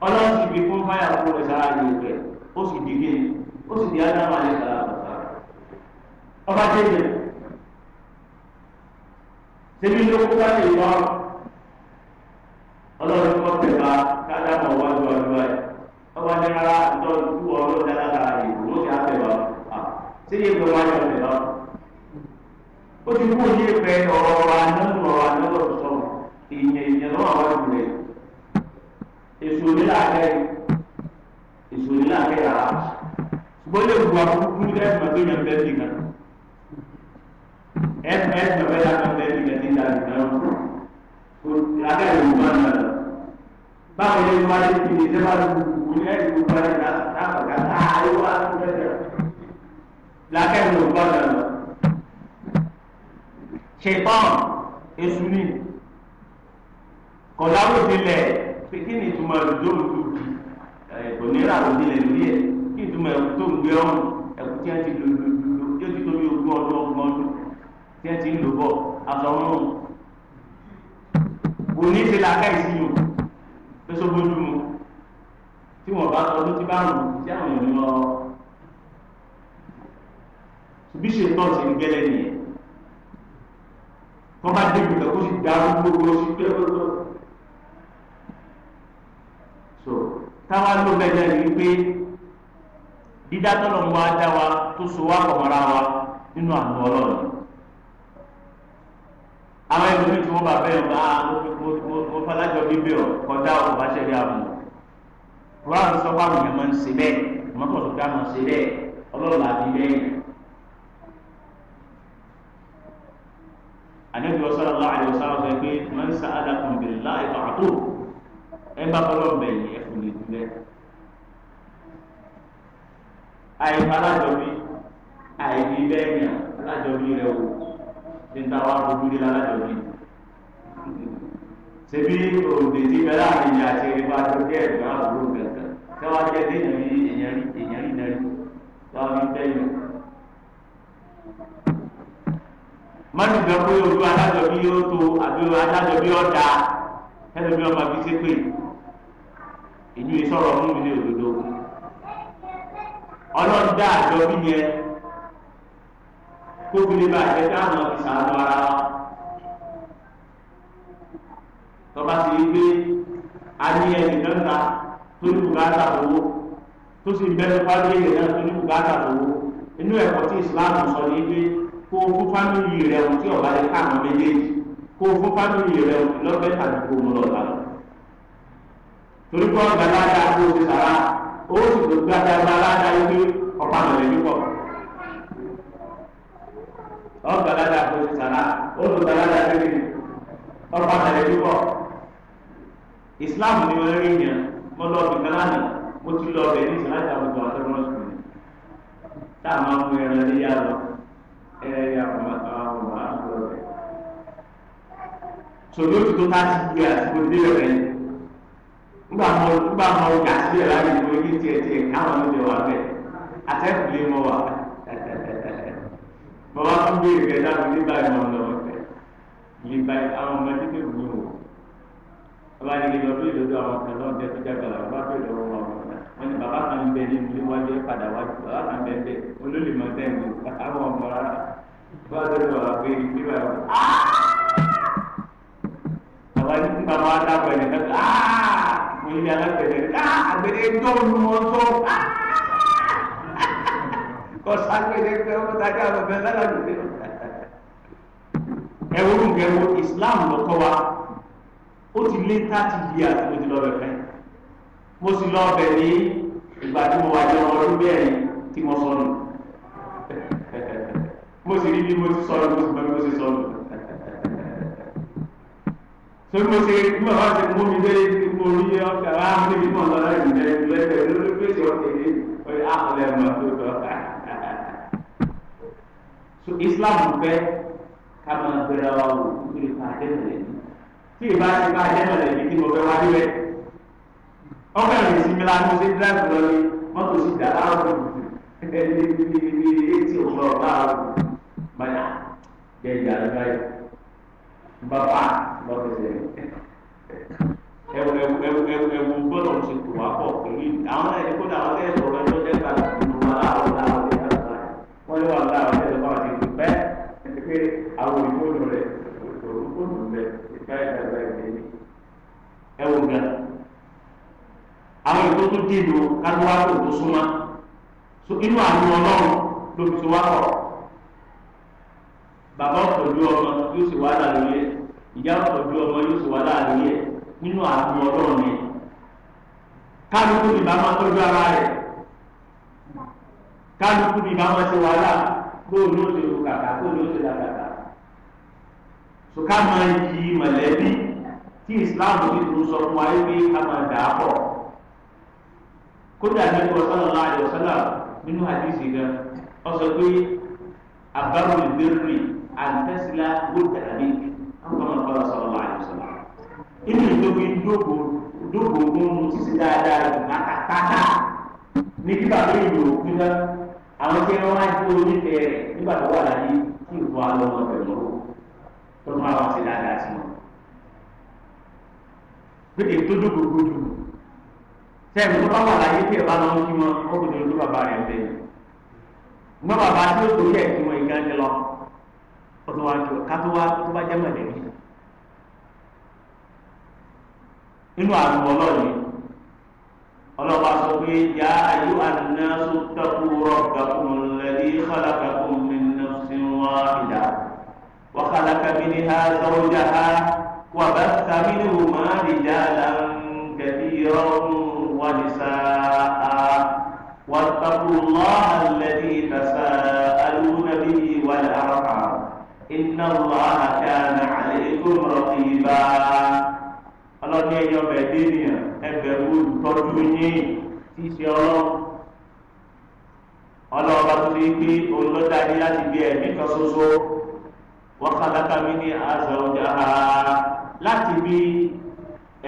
ọlọ́run ti fi fún fáyà fún rẹ̀ sára ní ìgbẹ́ ó sì di gé ó sì di ádámù àlẹ́ ìjọba ọba jẹ́jẹ́ ṣe bí ló kó wá lè ọlọ́run kọ́ pẹ̀lú kájámọ̀ wájú ọjọ́ ẹ̀ ọba ní ara ìtọ́jú ọlọ́run dáadáa ìlú ló ti àpẹ̀lọ́ sí ní ìgbẹ́ wájú ọ̀pẹ̀lọ́ ó ti kú ní ìfẹ́ ọ̀rọ̀ anọ́nù ọ̀rọ̀ anọ́nù sọ̀rọ̀ ìyẹn ìyẹn lọ́wọ́ àwọn ìgbẹ́ èso nílà kẹ́ èso nílà kẹ́ yàrá ṣùgbọ́n lè wù àkókò ẹ̀sùn ẹgbẹ́ yẹn bẹ́ẹ̀ dìgbà ẹ̀sùn ẹ̀sùn ẹgbẹ́ yẹn bẹ́ẹ̀ dìgbà ti dà nìkan báwo ni wọ́n ti fi ní sẹ́wà lùkùkù ní ẹ̀rí gbogbo ẹ̀ láàbàgà táàrí wà lùkùkù lákẹ́yìn ló gbọ́dọ̀ lọ. ṣètọ́n èṣù ni kọ̀dáwó tilẹ̀ pé kí ni ìtumọ̀ lùdó lùkùkù kò ní ra òdì lẹ̀ lórí ẹ̀ kí ìtumọ̀ ẹ̀kú tó ń gbé ọ̀hún ẹ̀kú tí wọ́n ti lò lò yóò ti tóbi ogún ọdún ọgbọ̀n ọdún tí wọ́n ti ń lò bọ̀ àtọ̀run kò ní í ṣe làákàyè sí yòókù ṣé sọ bójú mu tí wọn bá sọ ló ti bá rùn tí àwọn èèyàn lọ bí ṣètò ṣe ń gẹ́lẹ́ nìyẹn tó bá débi kan kó sì dá gbogbo sí pé ó lọ. so táwa ló bẹ́ẹ̀ náà ní pé dídá tọ́lọ̀ ń wá dá wa tó so wá kọ̀mọ́ra wa nínú àná ọlọ́run àwọn ẹlòmíì tí wọ́n bá bẹ́ẹ̀ bá ah, mo falájọ bíbẹ̀ ọ̀ kọjá ọkọ̀ bá ṣẹlẹ̀ àbò Quran sọ fáwọn èèyàn máa ń ṣe bẹ́ẹ̀ mọ́tò tó ká máa ṣe bẹ́ẹ̀ ọlọ́ọ̀lá bí bẹ́ẹ̀. Ànábì sallallahu alaihi wasallam sọ pé man sa'alakum billahi fa'tuhu ẹ bá fọlọ́ bẹ̀yìn ẹ kò lè dúrẹ́. àìfalájọ bí àìbí bẹ́ẹ̀ yàn alájọ bí rẹ wò níta wá gbogbo ní lálájọ bí. ṣebí òde tí bẹ́lá àmì àti ìrìbá tó jẹ́ ẹ̀gbọ́n àbúrò gàgà tí wọ́n jẹ́ dé èèyàn rí èèyàn rí èèyàn rí nàrí tí wọ́n fi bẹ́yìn. mọ́nì kan pé ojú adájọ́ bí yóò tó àbí adájọ́ bí ọ̀dà ẹlòmí ọba fi ṣépè èyí sọ̀rọ̀ mú mi ní òdodo ọlọ́dà àjọ bí yẹn tóbi lè bàjẹ́ káwọn ti sàánú ara wa tọ́ba sì rí pé a ní ẹnì kan ta tó ní bùkátà owó tó sì ń bẹ́ẹ̀ fáwọn ẹ̀yẹ náà tó ní bùkátà owó inú ẹ̀kọ́ tí Islam sọ ní pé kó o fún fámìlì rẹ̀ ohun tí ọ̀bá yẹ káwọn méjèèjì kó o fún fámìlì rẹ̀ ohun lọ́bẹ̀ tàbí kó o mú lọ́ba lọ. torí pé ọgbà ládàá kó o ti sàrà ó sì tó gbàdá bá ládàá yìí pé ọ̀pá mọ̀lẹ́bí pọ̀ ọgbàládà tó ti sàrà olùgbàládà tó ti ọgbà tẹ̀lé púpọ̀ islam ni wọ́n rí yẹn mo lọ bìkan lánàá mo ti lọ bẹ̀ ní ìsìlájà àbùkù àtọ́nà ọ̀sùn tá a máa mú ẹran ní yá lọ ẹ yà wọn àwọn àbúrò rẹ sọdọ tuntun tá a ti gbé àsìkò dé rẹ nígbà mọ nígbà mọ ọjà sílẹ̀ láti ìwé ní tiẹ̀ tiẹ̀ káwọn ọmọdé wà bẹ àtẹkùlé mọ wà bàbá tó ń béèrè rẹ̀ dáàbò nígbà ìmọ̀ ọ̀nà ọ̀sẹ̀ ìgbà àwọn ọmọ títí ìlú wò bàbá ní kéjọ tó ìdòdó àwọn kan náà jẹ́ tó jágàlà bàbá tó ìdòdó wọn wọn ni bàbá kan bẹ ní ìlú wájú ẹ padà wájú bàbá kan bẹ bẹ olólè mọ sẹ́yìn àwọn ọmọ rárá bàbá tó ìdòdó àwọn pé ìlú wà lọ. bàbá kọsáńgbé lè fẹ́ ó tajà lọ bẹ́ẹ̀ lọ́la ló dé. ẹ wo nǹkan wo Islam lọ́kọ́ wa ó ti lé thirty years mo ti lọ bẹ̀ fẹ́ mo sì lọ bẹ̀ ní ìgbà tí mo wà jẹ́ ọmọ ọdún mẹ́rin tí mo sọnù mo sì rí bí mo ti sọnù mo sì mọ bí mo ti sọnù torí mo ṣe bí mo bá ṣe mú mi lé mo rí ọkà rárá mi níbi mọ̀ lọ́la ìgbìyànjú lẹ́gbẹ̀ẹ́ lórí pèsè ọ̀kẹ́ yìí ọ̀yẹ́ àkọlẹ̀ mọ̀ tó tọ́ ká so Islam fẹ́ ká máa bẹ̀rẹ̀ wa wò nítorí pa àdéhùnlẹ̀ ní tí ìbá ti pa àdéhùnlẹ̀ ní tí mo fẹ́ wá níbẹ̀ ọgbẹ́ mi sí mi lánàá ṣe dírẹ́fù lọ ní mọ́tò sì dà áwọ̀ etí òkúrọ̀ bá áwọ̀ báyà jẹ́ ìyá rẹ̀ báyìí bàbá lọ́kẹ̀sẹ̀ ẹwù ẹwù ẹwù ẹwù ẹwù gbọ́dọ̀ ti tò wá pọ̀ pẹ̀lú àwọn ẹni kó dà wọ́n kẹ́ ẹ̀sọ́ ọ̀rọ̀ ẹjọ́ jẹ́ ká lù wá láàrọ̀ láàrọ̀ wọ́n lé wà láàrọ̀. ẹ wò gan àwọn ètò tó dìbò kálíwá kò tó súnmọ́ so inú àánú ọlọ́run ló fi wá kọ̀ bàbá ọ̀tọ̀jú ọmọ yóò sì wá láàrin yẹ ìyá ọ̀tọ̀jú ọmọ yóò sì wá láàrin nínú àánú ọlọ́run yẹn kálukú ni bàbá tọ́jú ara rẹ̀ kálukú ni bàbá ti wá là kó o ní o ti rò kàkà kó o ní o ti là kàkà sùkà máa di mọ̀lẹ́bí tí islam ní tó sọ fún wa wípé ká máa dà á pọ̀ kódà nípa sallallahu alaihi wasallam nínú àdìsí gan ọ sọ pé àbáwò ìbéèrè àtẹ́sílá ó dàbí àwọn ọmọ ọlọ́run sallallahu alaihi wasallam inú ìtòkì dógò dógò gbóhùn sísè dáadáa ìgbà kàkàkà ní kí bàbá ìlú òkú náà àwọn tí wọ́n wá ń tó onífẹ̀ẹ́ nígbà tó wà láyé kí ìfọ̀ kó tó máa wá sí dáadáa sí wọn. pé èyí tó dúró gbogbo jù sẹ́yìn tó bá wà láyé tí ẹ̀ bá lọ́wọ́ sí wọn ó kò tó lójú bàbá rẹ̀ ń bẹ̀ yìí. mo bàbá tí ó torí ẹ̀ sí wọn ìgbà ń lọ ó tó wá jù ká tó wá tó bá jẹ́ mọ̀lẹ́bí. nínú àrùn ọlọ́ọ̀ni ọlọ́wà sọ pé yá ayé àdínà sọ tẹ́kù rọ̀ منها زوجها وبث منهما رجالا كثيرا ونساء واتقوا الله الذي تساءلون به والأرحام إن الله كان عليكم رقيبا ọlọ́ni ẹ̀yọ́ bẹ̀ẹ́dẹ́nìyàn ẹgbẹ̀rún olùtọ́jú yín tí í ṣe ọlọ́run ọlọ́ọ̀bá tó ti gbé olùlọ́dà yín láti gbé ẹ̀mí kan ṣoṣo wọ́kàlákà mi ní azọ ọjà ha láti bí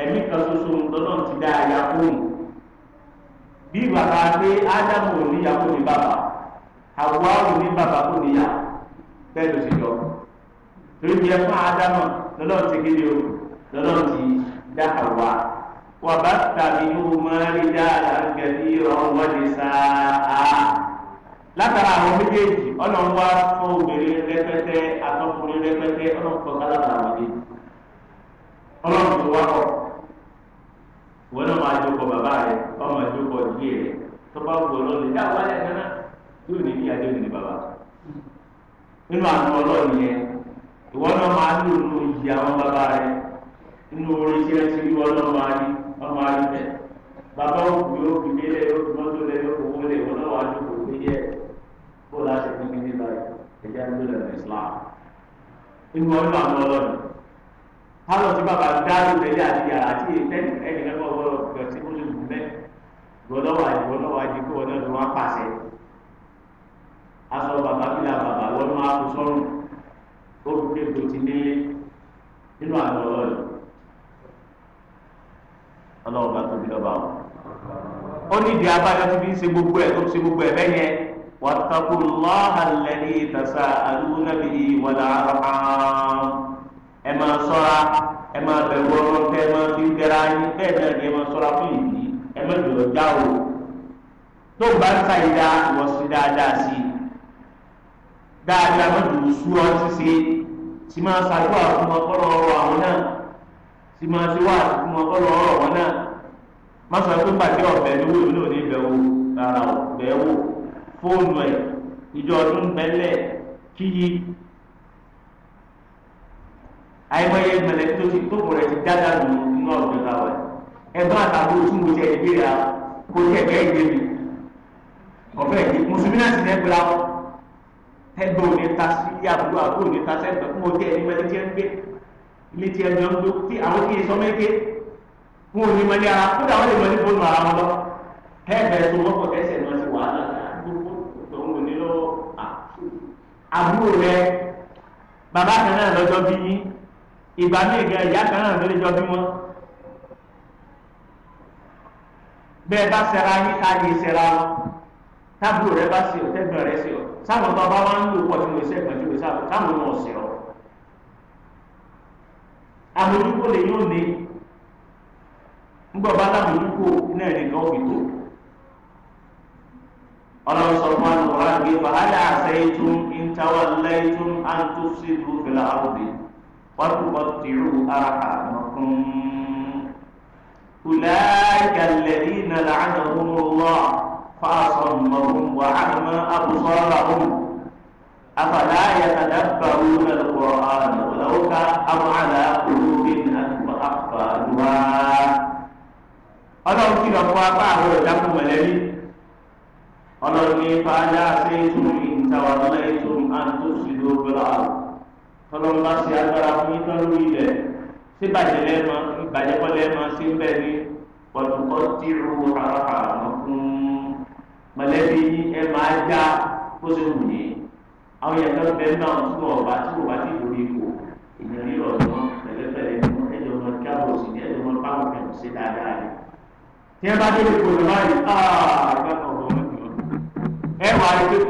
ẹ̀mí kan ṣoṣo lọ́nà ti dá yakun bí bàbá pé ádámù ò ní yakun ní bàbá àwọ̀ ò ní bàbá kò níyà bẹ́ẹ̀ ló ti jọ torí bí ẹ fún ádámù lọ́nà ti kéde o lọ́nà ti dá àwọ̀ wàbá tàbí ìhùmọ́rí dáadáa gẹ̀dí ọ̀wọ́de sáà látara àwọn méjèèjì ọlọ́run wá fún obìnrin rẹpẹtẹ àtọ́ jẹ́ pẹ́pẹ́ ọlọ́run kọ́ kálàbà àwọn ni ọlọ́run tó wá kọ̀ wọn náà máa jókòó bàbá rẹ ọmọ jókòó díẹ̀ rẹ tó bá wù ọlọ́run dá wà lẹ́yìn náà yóò ní ní adé òní bàbá nínú àwọn ọlọ́run yẹn ìwọ náà máa ní òun ìyí àwọn bàbá rẹ nínú orí iṣẹ́ tí ìwọ náà máa ní ọmọ àdúgbò bàbá òkú yóò fi délé yóò fi mọ́tò lẹ yóò fi ìwọ náà wà jókòó díẹ̀ kó láti fún mi nígbà yẹn ẹ̀jẹ̀ ń inú ọdún àwọn ọlọ́run táwọn tí bàbá dáàbò tẹ̀lé àti yàrá àti ìtẹ́nu ẹnìkan kọ́ ọ̀rọ̀ ọ̀gbọ̀n tí ó lè wù mẹ́ gbọ́dọ̀wà ni gbọ́dọ̀wà ni kí wọn náà ni wọ́n pàṣẹ aṣọ bàbá bíi àbàbà wọn máa kó sọ́run ó fi kéèkó ti nílé nínú àwọn ọlọ́run ọlọ́run bá tóbi lọ́ba wọn. ó ní ìdí abájọ́ ti fi ń ṣe gbogbo ẹ̀ tó ń ṣe gbogbo ẹ̀ bẹ́yẹn واتقوا الله الذي تساءلون به والأرحام أما صرا أما بورون أما بيدراني أما أما صرا فيني أما جوجاو tó bá ń sa ìdá wọ́n sí dáadáa sí i dáadáa má dùn sú ọ ṣíṣe tí máa ṣàdúrà fún ọkọlọ ọ̀rọ̀ àwọn náà tí máa ṣe wá fún ọkọlọ ọ̀rọ̀ àwọn náà má sọ pé pàdé ọ̀bẹ ní wíwí náà ní ìbẹ̀wò rárá ò bẹ́ẹ̀ wò fóònù ẹ̀ ìjọ ọdún bẹ́lẹ̀ kíyí àìmọye ìmọ̀lẹ́ tó ti tó rẹ̀ ti dáadáa nù nínú ọ̀dọ́ náà wẹ̀ ẹ̀gbọ́n àtàwọn oṣù mo jẹ́ ìbéèrè a kò tẹ̀ bẹ́ẹ̀ gbé mi ọ̀fẹ́ ìdí mùsùlùmí náà sì ní ẹgbẹ́ àwọn ẹgbẹ́ òní ta sí ilé àbúrò àbúrò òní ta sẹ́gbẹ̀ẹ́ fún ojú ẹni mẹ́lẹ́ tí ẹ ń gbé ilé tí ẹ ń gbé tí àwọn kì í sọ méje fún òní mẹ́lẹ́ ara kódà wọ́n lè mọ ní fóònù ara wọn lọ ẹ̀ẹ́dẹ̀ẹ́sọ wọ́pọ̀ tẹ́sẹ̀ àbúrò rẹ bàbá kan náà lọ́jọ́ bí yín ìgbà míì gan ìyá kan náà lọ́jọ́ bí wọ́n bẹ́ẹ̀ bá sẹ́ra yín ká lè sẹ́ra wọn bá sí ọ tẹ́gbọ̀n rẹ sí ọ sáwọn bàbá wọn ń lò pọ̀ tí mo ṣe ẹ̀gbọ́n náà sí ọ. lè yóò ní náà nìkan ó fi tó. ọlọ́run sọ fún توليتم أن تفسدوا في الأرض وتقطعوا أرحامكم أولئك الذين لعنهم الله فأصمهم وأعمى أبصارهم أفلا يتدبرون القرآن ولو كان أم على قلوب أقفالها ọlọ́run kìlọ̀ fún apá àwọn ìdákùn mọ̀lẹ́bí ọlọ́run ní fàájà ṣe é tún ìtawà lọ́lẹ́ tó ń an tusidu fil ard tọ́lọ́mù bá ṣe agbára fún yín tán lórí ilẹ̀ ṣé bàjẹ́ lẹ́ẹ̀mọ́ ìbàjẹ́ kọ́ lẹ́ẹ̀mọ́ ṣé ń bẹ̀ ní pọ̀tùkọ́ tìrù àràkà ọ̀kùn mọ̀lẹ́bí yín ẹ máa já kó ṣe wù yín àwọn yẹn kan bẹ náà tí wọn bá tí wọn bá ti lórí ipò ìyẹn rírọ̀ ni wọn ah, kau ni wọn ẹjọ́ wọn kí àwọn òsì ní ẹjọ́ wọn bá wọn ni.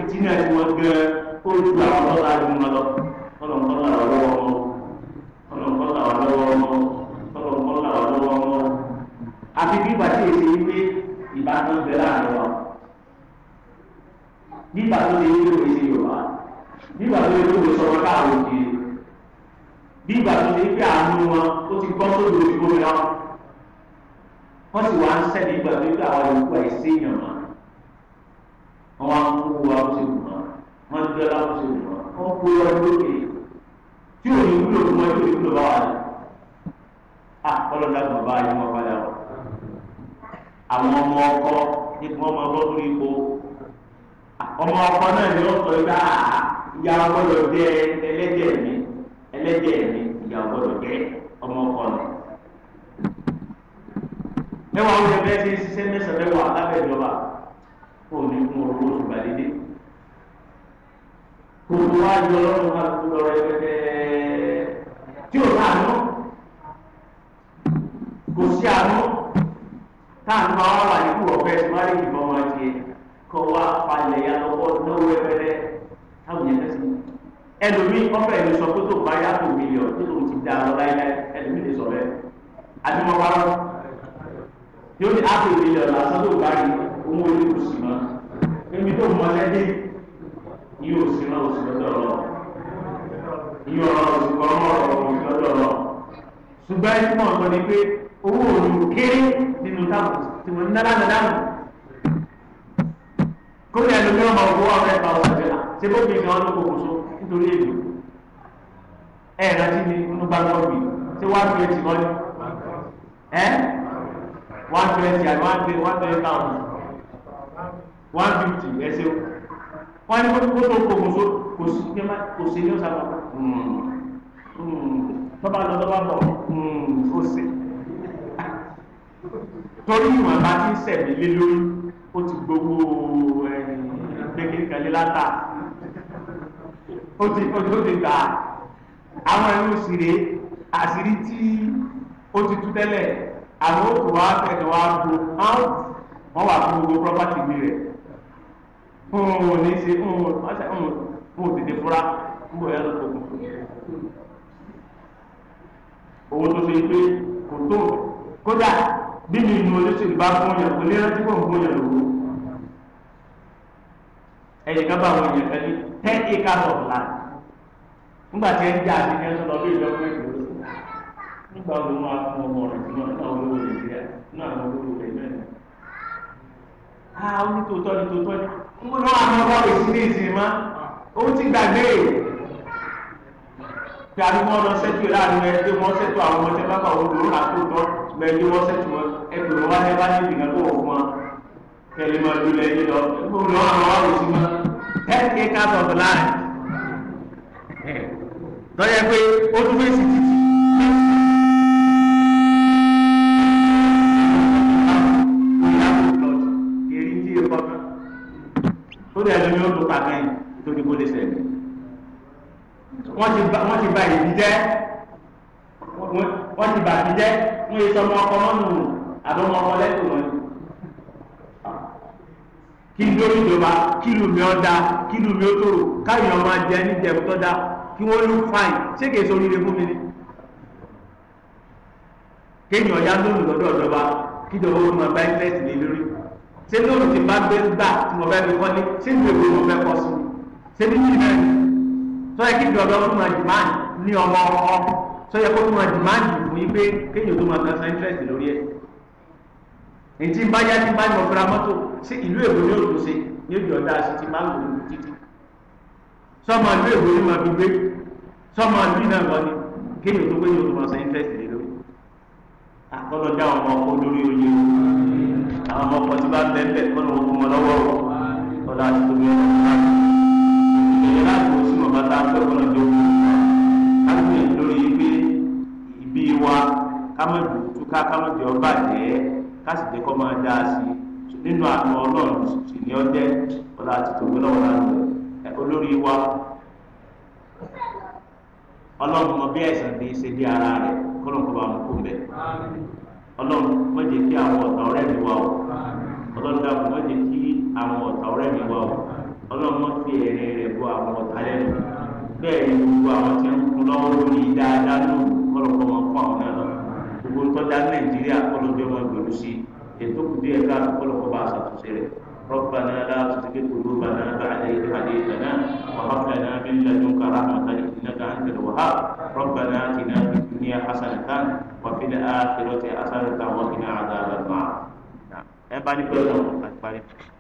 tí ke? kó o ju àwọn tó láti mọ lọ kọlọ̀kọ́lá wà lọ́wọ́ ọmọ kọlọ̀kọ́lá wà lọ́wọ́ ọmọ kọlọ̀kọ́lá wà lọ́wọ́ ọmọ. àfi bí ìgbà tí èsì yìí pé ìbátan bẹ láàrin wa nígbà tó lè yíyó èsì yorùbá nígbà tó lè yíyó sọ̀rọ̀ káàró kiri nígbà tó lè pé àánú wọn ó ti gbọ́ sódò ti gómìnà wọ́n sì wá ń sẹ́ni ìgbà tó lè pé àwọn olùkọ́ àìsí èèyàn mọ́ wọ́n á kó wa ó ti wù wọ́n jẹ́ láwùjọ ìwọ̀n wọ́n kó lọ lókè tí ò ní wúlò fún wọn tí ò ní wúlò bá wà ní. à kọ́lọ́ dàgbà bá ayé wọn padà wọ̀. àwọn ọmọ ọkọ ní kí wọ́n máa bọ́ sórí ipò. ọmọ ọkọ náà ni wọ́n sọ ibà ìyá ọgbọ́dọ̀ jẹ́ ẹlẹ́jẹ̀ mi ẹlẹ́jẹ̀ mi ìyá ọgbọ́dọ̀ jẹ́ ọmọ ọkọ náà. ẹ wà wọ́n ṣe bẹ́ẹ̀ ṣe ṣiṣẹ́ mẹ́sàn-án mẹ́wàá lábẹ́ ìjọba kó o ní fún orúkọ gbogbo wa yọ lọ́dún wa lọ́dún lọ́rọ̀ ẹgbẹ́tẹ́ tí o náà nù kò sí àánú táàmù àwọn wà ní kúrò ọ̀fẹ́ tí wọ́n á lè yìnbọn wọn ti kọ́ wa palẹ̀ ya lọ́wọ́ náwó ẹgbẹ́tẹ́ táwọn yẹn fẹ́sẹ̀ ẹlòmíì ọ̀fẹ́ lè sọ pé tó bá yá tó mílíọ̀n tó tó ti da ọ láyé ẹlòmíì lè sọ bẹ́ẹ̀ àdìmọ́wá yóò ní àpò mílíọ̀n lásán tó bá rí owó orí kò sì mọ́ ẹ̀mí tó mọ́ lẹ́dẹ̀ẹ́ yóò sí náà oṣù lọ́dọ̀ lọ yóò rán oṣù kan mọ́ ọ̀rọ̀ oṣù lọ́dọ̀ lọ. ṣùgbọ́n ẹni mọ̀ ọ́ ni pé owó òòlù kéré nínú táwọn tí wọ́n ń dá lánàá lánàá. kóbi ẹlòmí ọmọ ògbó ọmọ ẹ̀ka ọ̀sẹ̀ bẹ̀rẹ̀ ṣé bó bìí gan-an ló kó kóso nítorí èlò. ẹ rántí ni inú bá gbọ́ bì ṣé wàá fi ẹtì mọ́ni ẹ wàá fi ẹtì àti wàá fi one twenty thousand one fifty ẹ ṣeun wọn ní kó tó kó kó kó sí kí má kó sí ní ọ̀sán bàbá hmm. hmm. tọ́ba lọ tọ́ba bọ̀ hmm. ó sì torí ìwọ̀n bá ti ń sẹ̀mí lé lórí ó ti gbowó gbẹ̀gẹ̀gẹ̀lé látà ó ti ó ti gbà àwọn ẹni òsèré àṣírí tí ó ti tú tẹ́lẹ̀ àwọn òkú wa fẹ̀dọ̀ wa bo wọ́n wà fún gbogbo property mi rẹ̀ òun ní ṣe òun má ṣe òun òun tètè fura ń bọ̀ yára tó kù. owó tó ṣe pé kò tó kódà bí mi nu olóṣèlú bá fún yàn kò ní rántí fún fún yàn lówó. ẹ̀yìn kan bá àwọn èèyàn kan ní ten acres of land nígbà tí ẹ ń jà àti ẹni lọ bí ìjọba ìjọba ìjọba nígbà wo máa fún ọmọ rẹ sínú àwọn olówó nàìjíríà sínú àwọn olówó nàìjíríà. a ó ní tòótọ́ ní tòótọ́ ní mo lọ́wọ́ àwọn ọkọ rẹ̀ sí ní ìsìn ti gbàgbé pé àbí wọ́n lọ sẹ́tù láàrin ẹ pé wọ́n sẹ́tù àwọn ọmọ tẹ́lá bá wọn lòó àtúntọ́ mẹ́rin ni wọ́n sẹ́tù wọn ẹ pè wọ́n wá bá níbi ìnáwó wọn kẹlẹ́ máa dúró lẹ́yìn lọ mo lọ́wọ́ àwọn ọkọ rẹ̀ health care card of the land lọ́yẹ pé ó tún fèsì títì lórí ẹlòmí ó lò pàgẹ́ nítorí kó lè sẹ̀lẹ̀ wọ́n ti ba ìdí jẹ́ wọ́n ti bà mí jẹ́ wọ́n yẹ sọmọ ọkọ mọ́nù àbọ̀mọ ọkọ lẹ́tọ̀ọ́ wọn. kí n lórí ìjọba kí lù mí ọ́ da kí lù mí ó tòrò káyọ̀ ọmọ ajẹ́ níjẹ̀bù tó da kí wọ́n lù fáìn ṣé kìí sórí ilé fún mi ni. kéèyàn ọ̀yá lónìí lọ́dọ̀ ọ̀dọ́ba kíjọba ó máa bá ẹ́ fẹ́ẹ̀sì lé lórí se ní òrùn ti bá gbé gbà tí mo fẹ́ fi kọ́lé se ní èwe mo fẹ́ kọ́ sí i ṣé ní yìí náà tó yẹ kí ìjọba tó máa dìmáàdì ní ọmọ ọmọ tó yẹ kó tó máa dìmáàdì fún yín pé kéèyàn tó máa tẹ̀sán interest lórí ẹ̀ èyí tí bá yá tí bá yọ fúra mọ́tò sí ìlú èwe ní òrùn ṣe ní òbí ọ̀dà àti ti máa ń lò ní títì sọ́mọ ìlú èwe ni máa fi gbé sọ́mọ ìlú náà lọ ni kéèyàn tó gbé yóò tó máa tẹ̀sán interest lórí àwọn ọmọ ọkọ tí bá bẹ bẹ kọ́ ló ń kún wọn lọ́wọ́ o ta àti tóbi ẹ̀rọ láti ìgbéyẹ láti kó sí màmá tá a fẹ́ kọ́ lọ́jọ́ òkú ká gbé lórí pé ìbí wa ká má dùn túká ká má jẹ́ ọ bàjẹ́ ká sì jẹ́ kọ́ máa dá ọlọ́run má jẹ́ kí àwọn ọ̀tá ọ̀rẹ́ mi wá o ọlọ́run dàpọ̀ má jẹ́ kí àwọn ọ̀tá ọ̀rẹ́ mi wá o ọlọ́run mọ̀ sí ẹ̀rín rẹ̀ bọ́ àwọn ọ̀tá lẹ́nu bẹ́ẹ̀ ni gbogbo àwọn tí ń kun lọ́wọ́ lórí dáadáa ló kọ́lọ́kọ́ wọn fún àwọn náà lọ gbogbo ń tọ́jà nàìjíríà kọ́lọ́jọ́ wọn gbèrú sí ètò kùdí ẹ̀ka kọ́lọ́kọ́ bá aṣàtúnṣe rẹ̀ ربنا لا تزغ قلوبنا بعد إذ هديتنا وهب لنا من لدنك رحمة إنك أنت الوهاب ربنا آتنا في الدنيا حسنة وفي الآخرة حسنة وقنا عذاب النار. نعم. أباني كلهم أباني.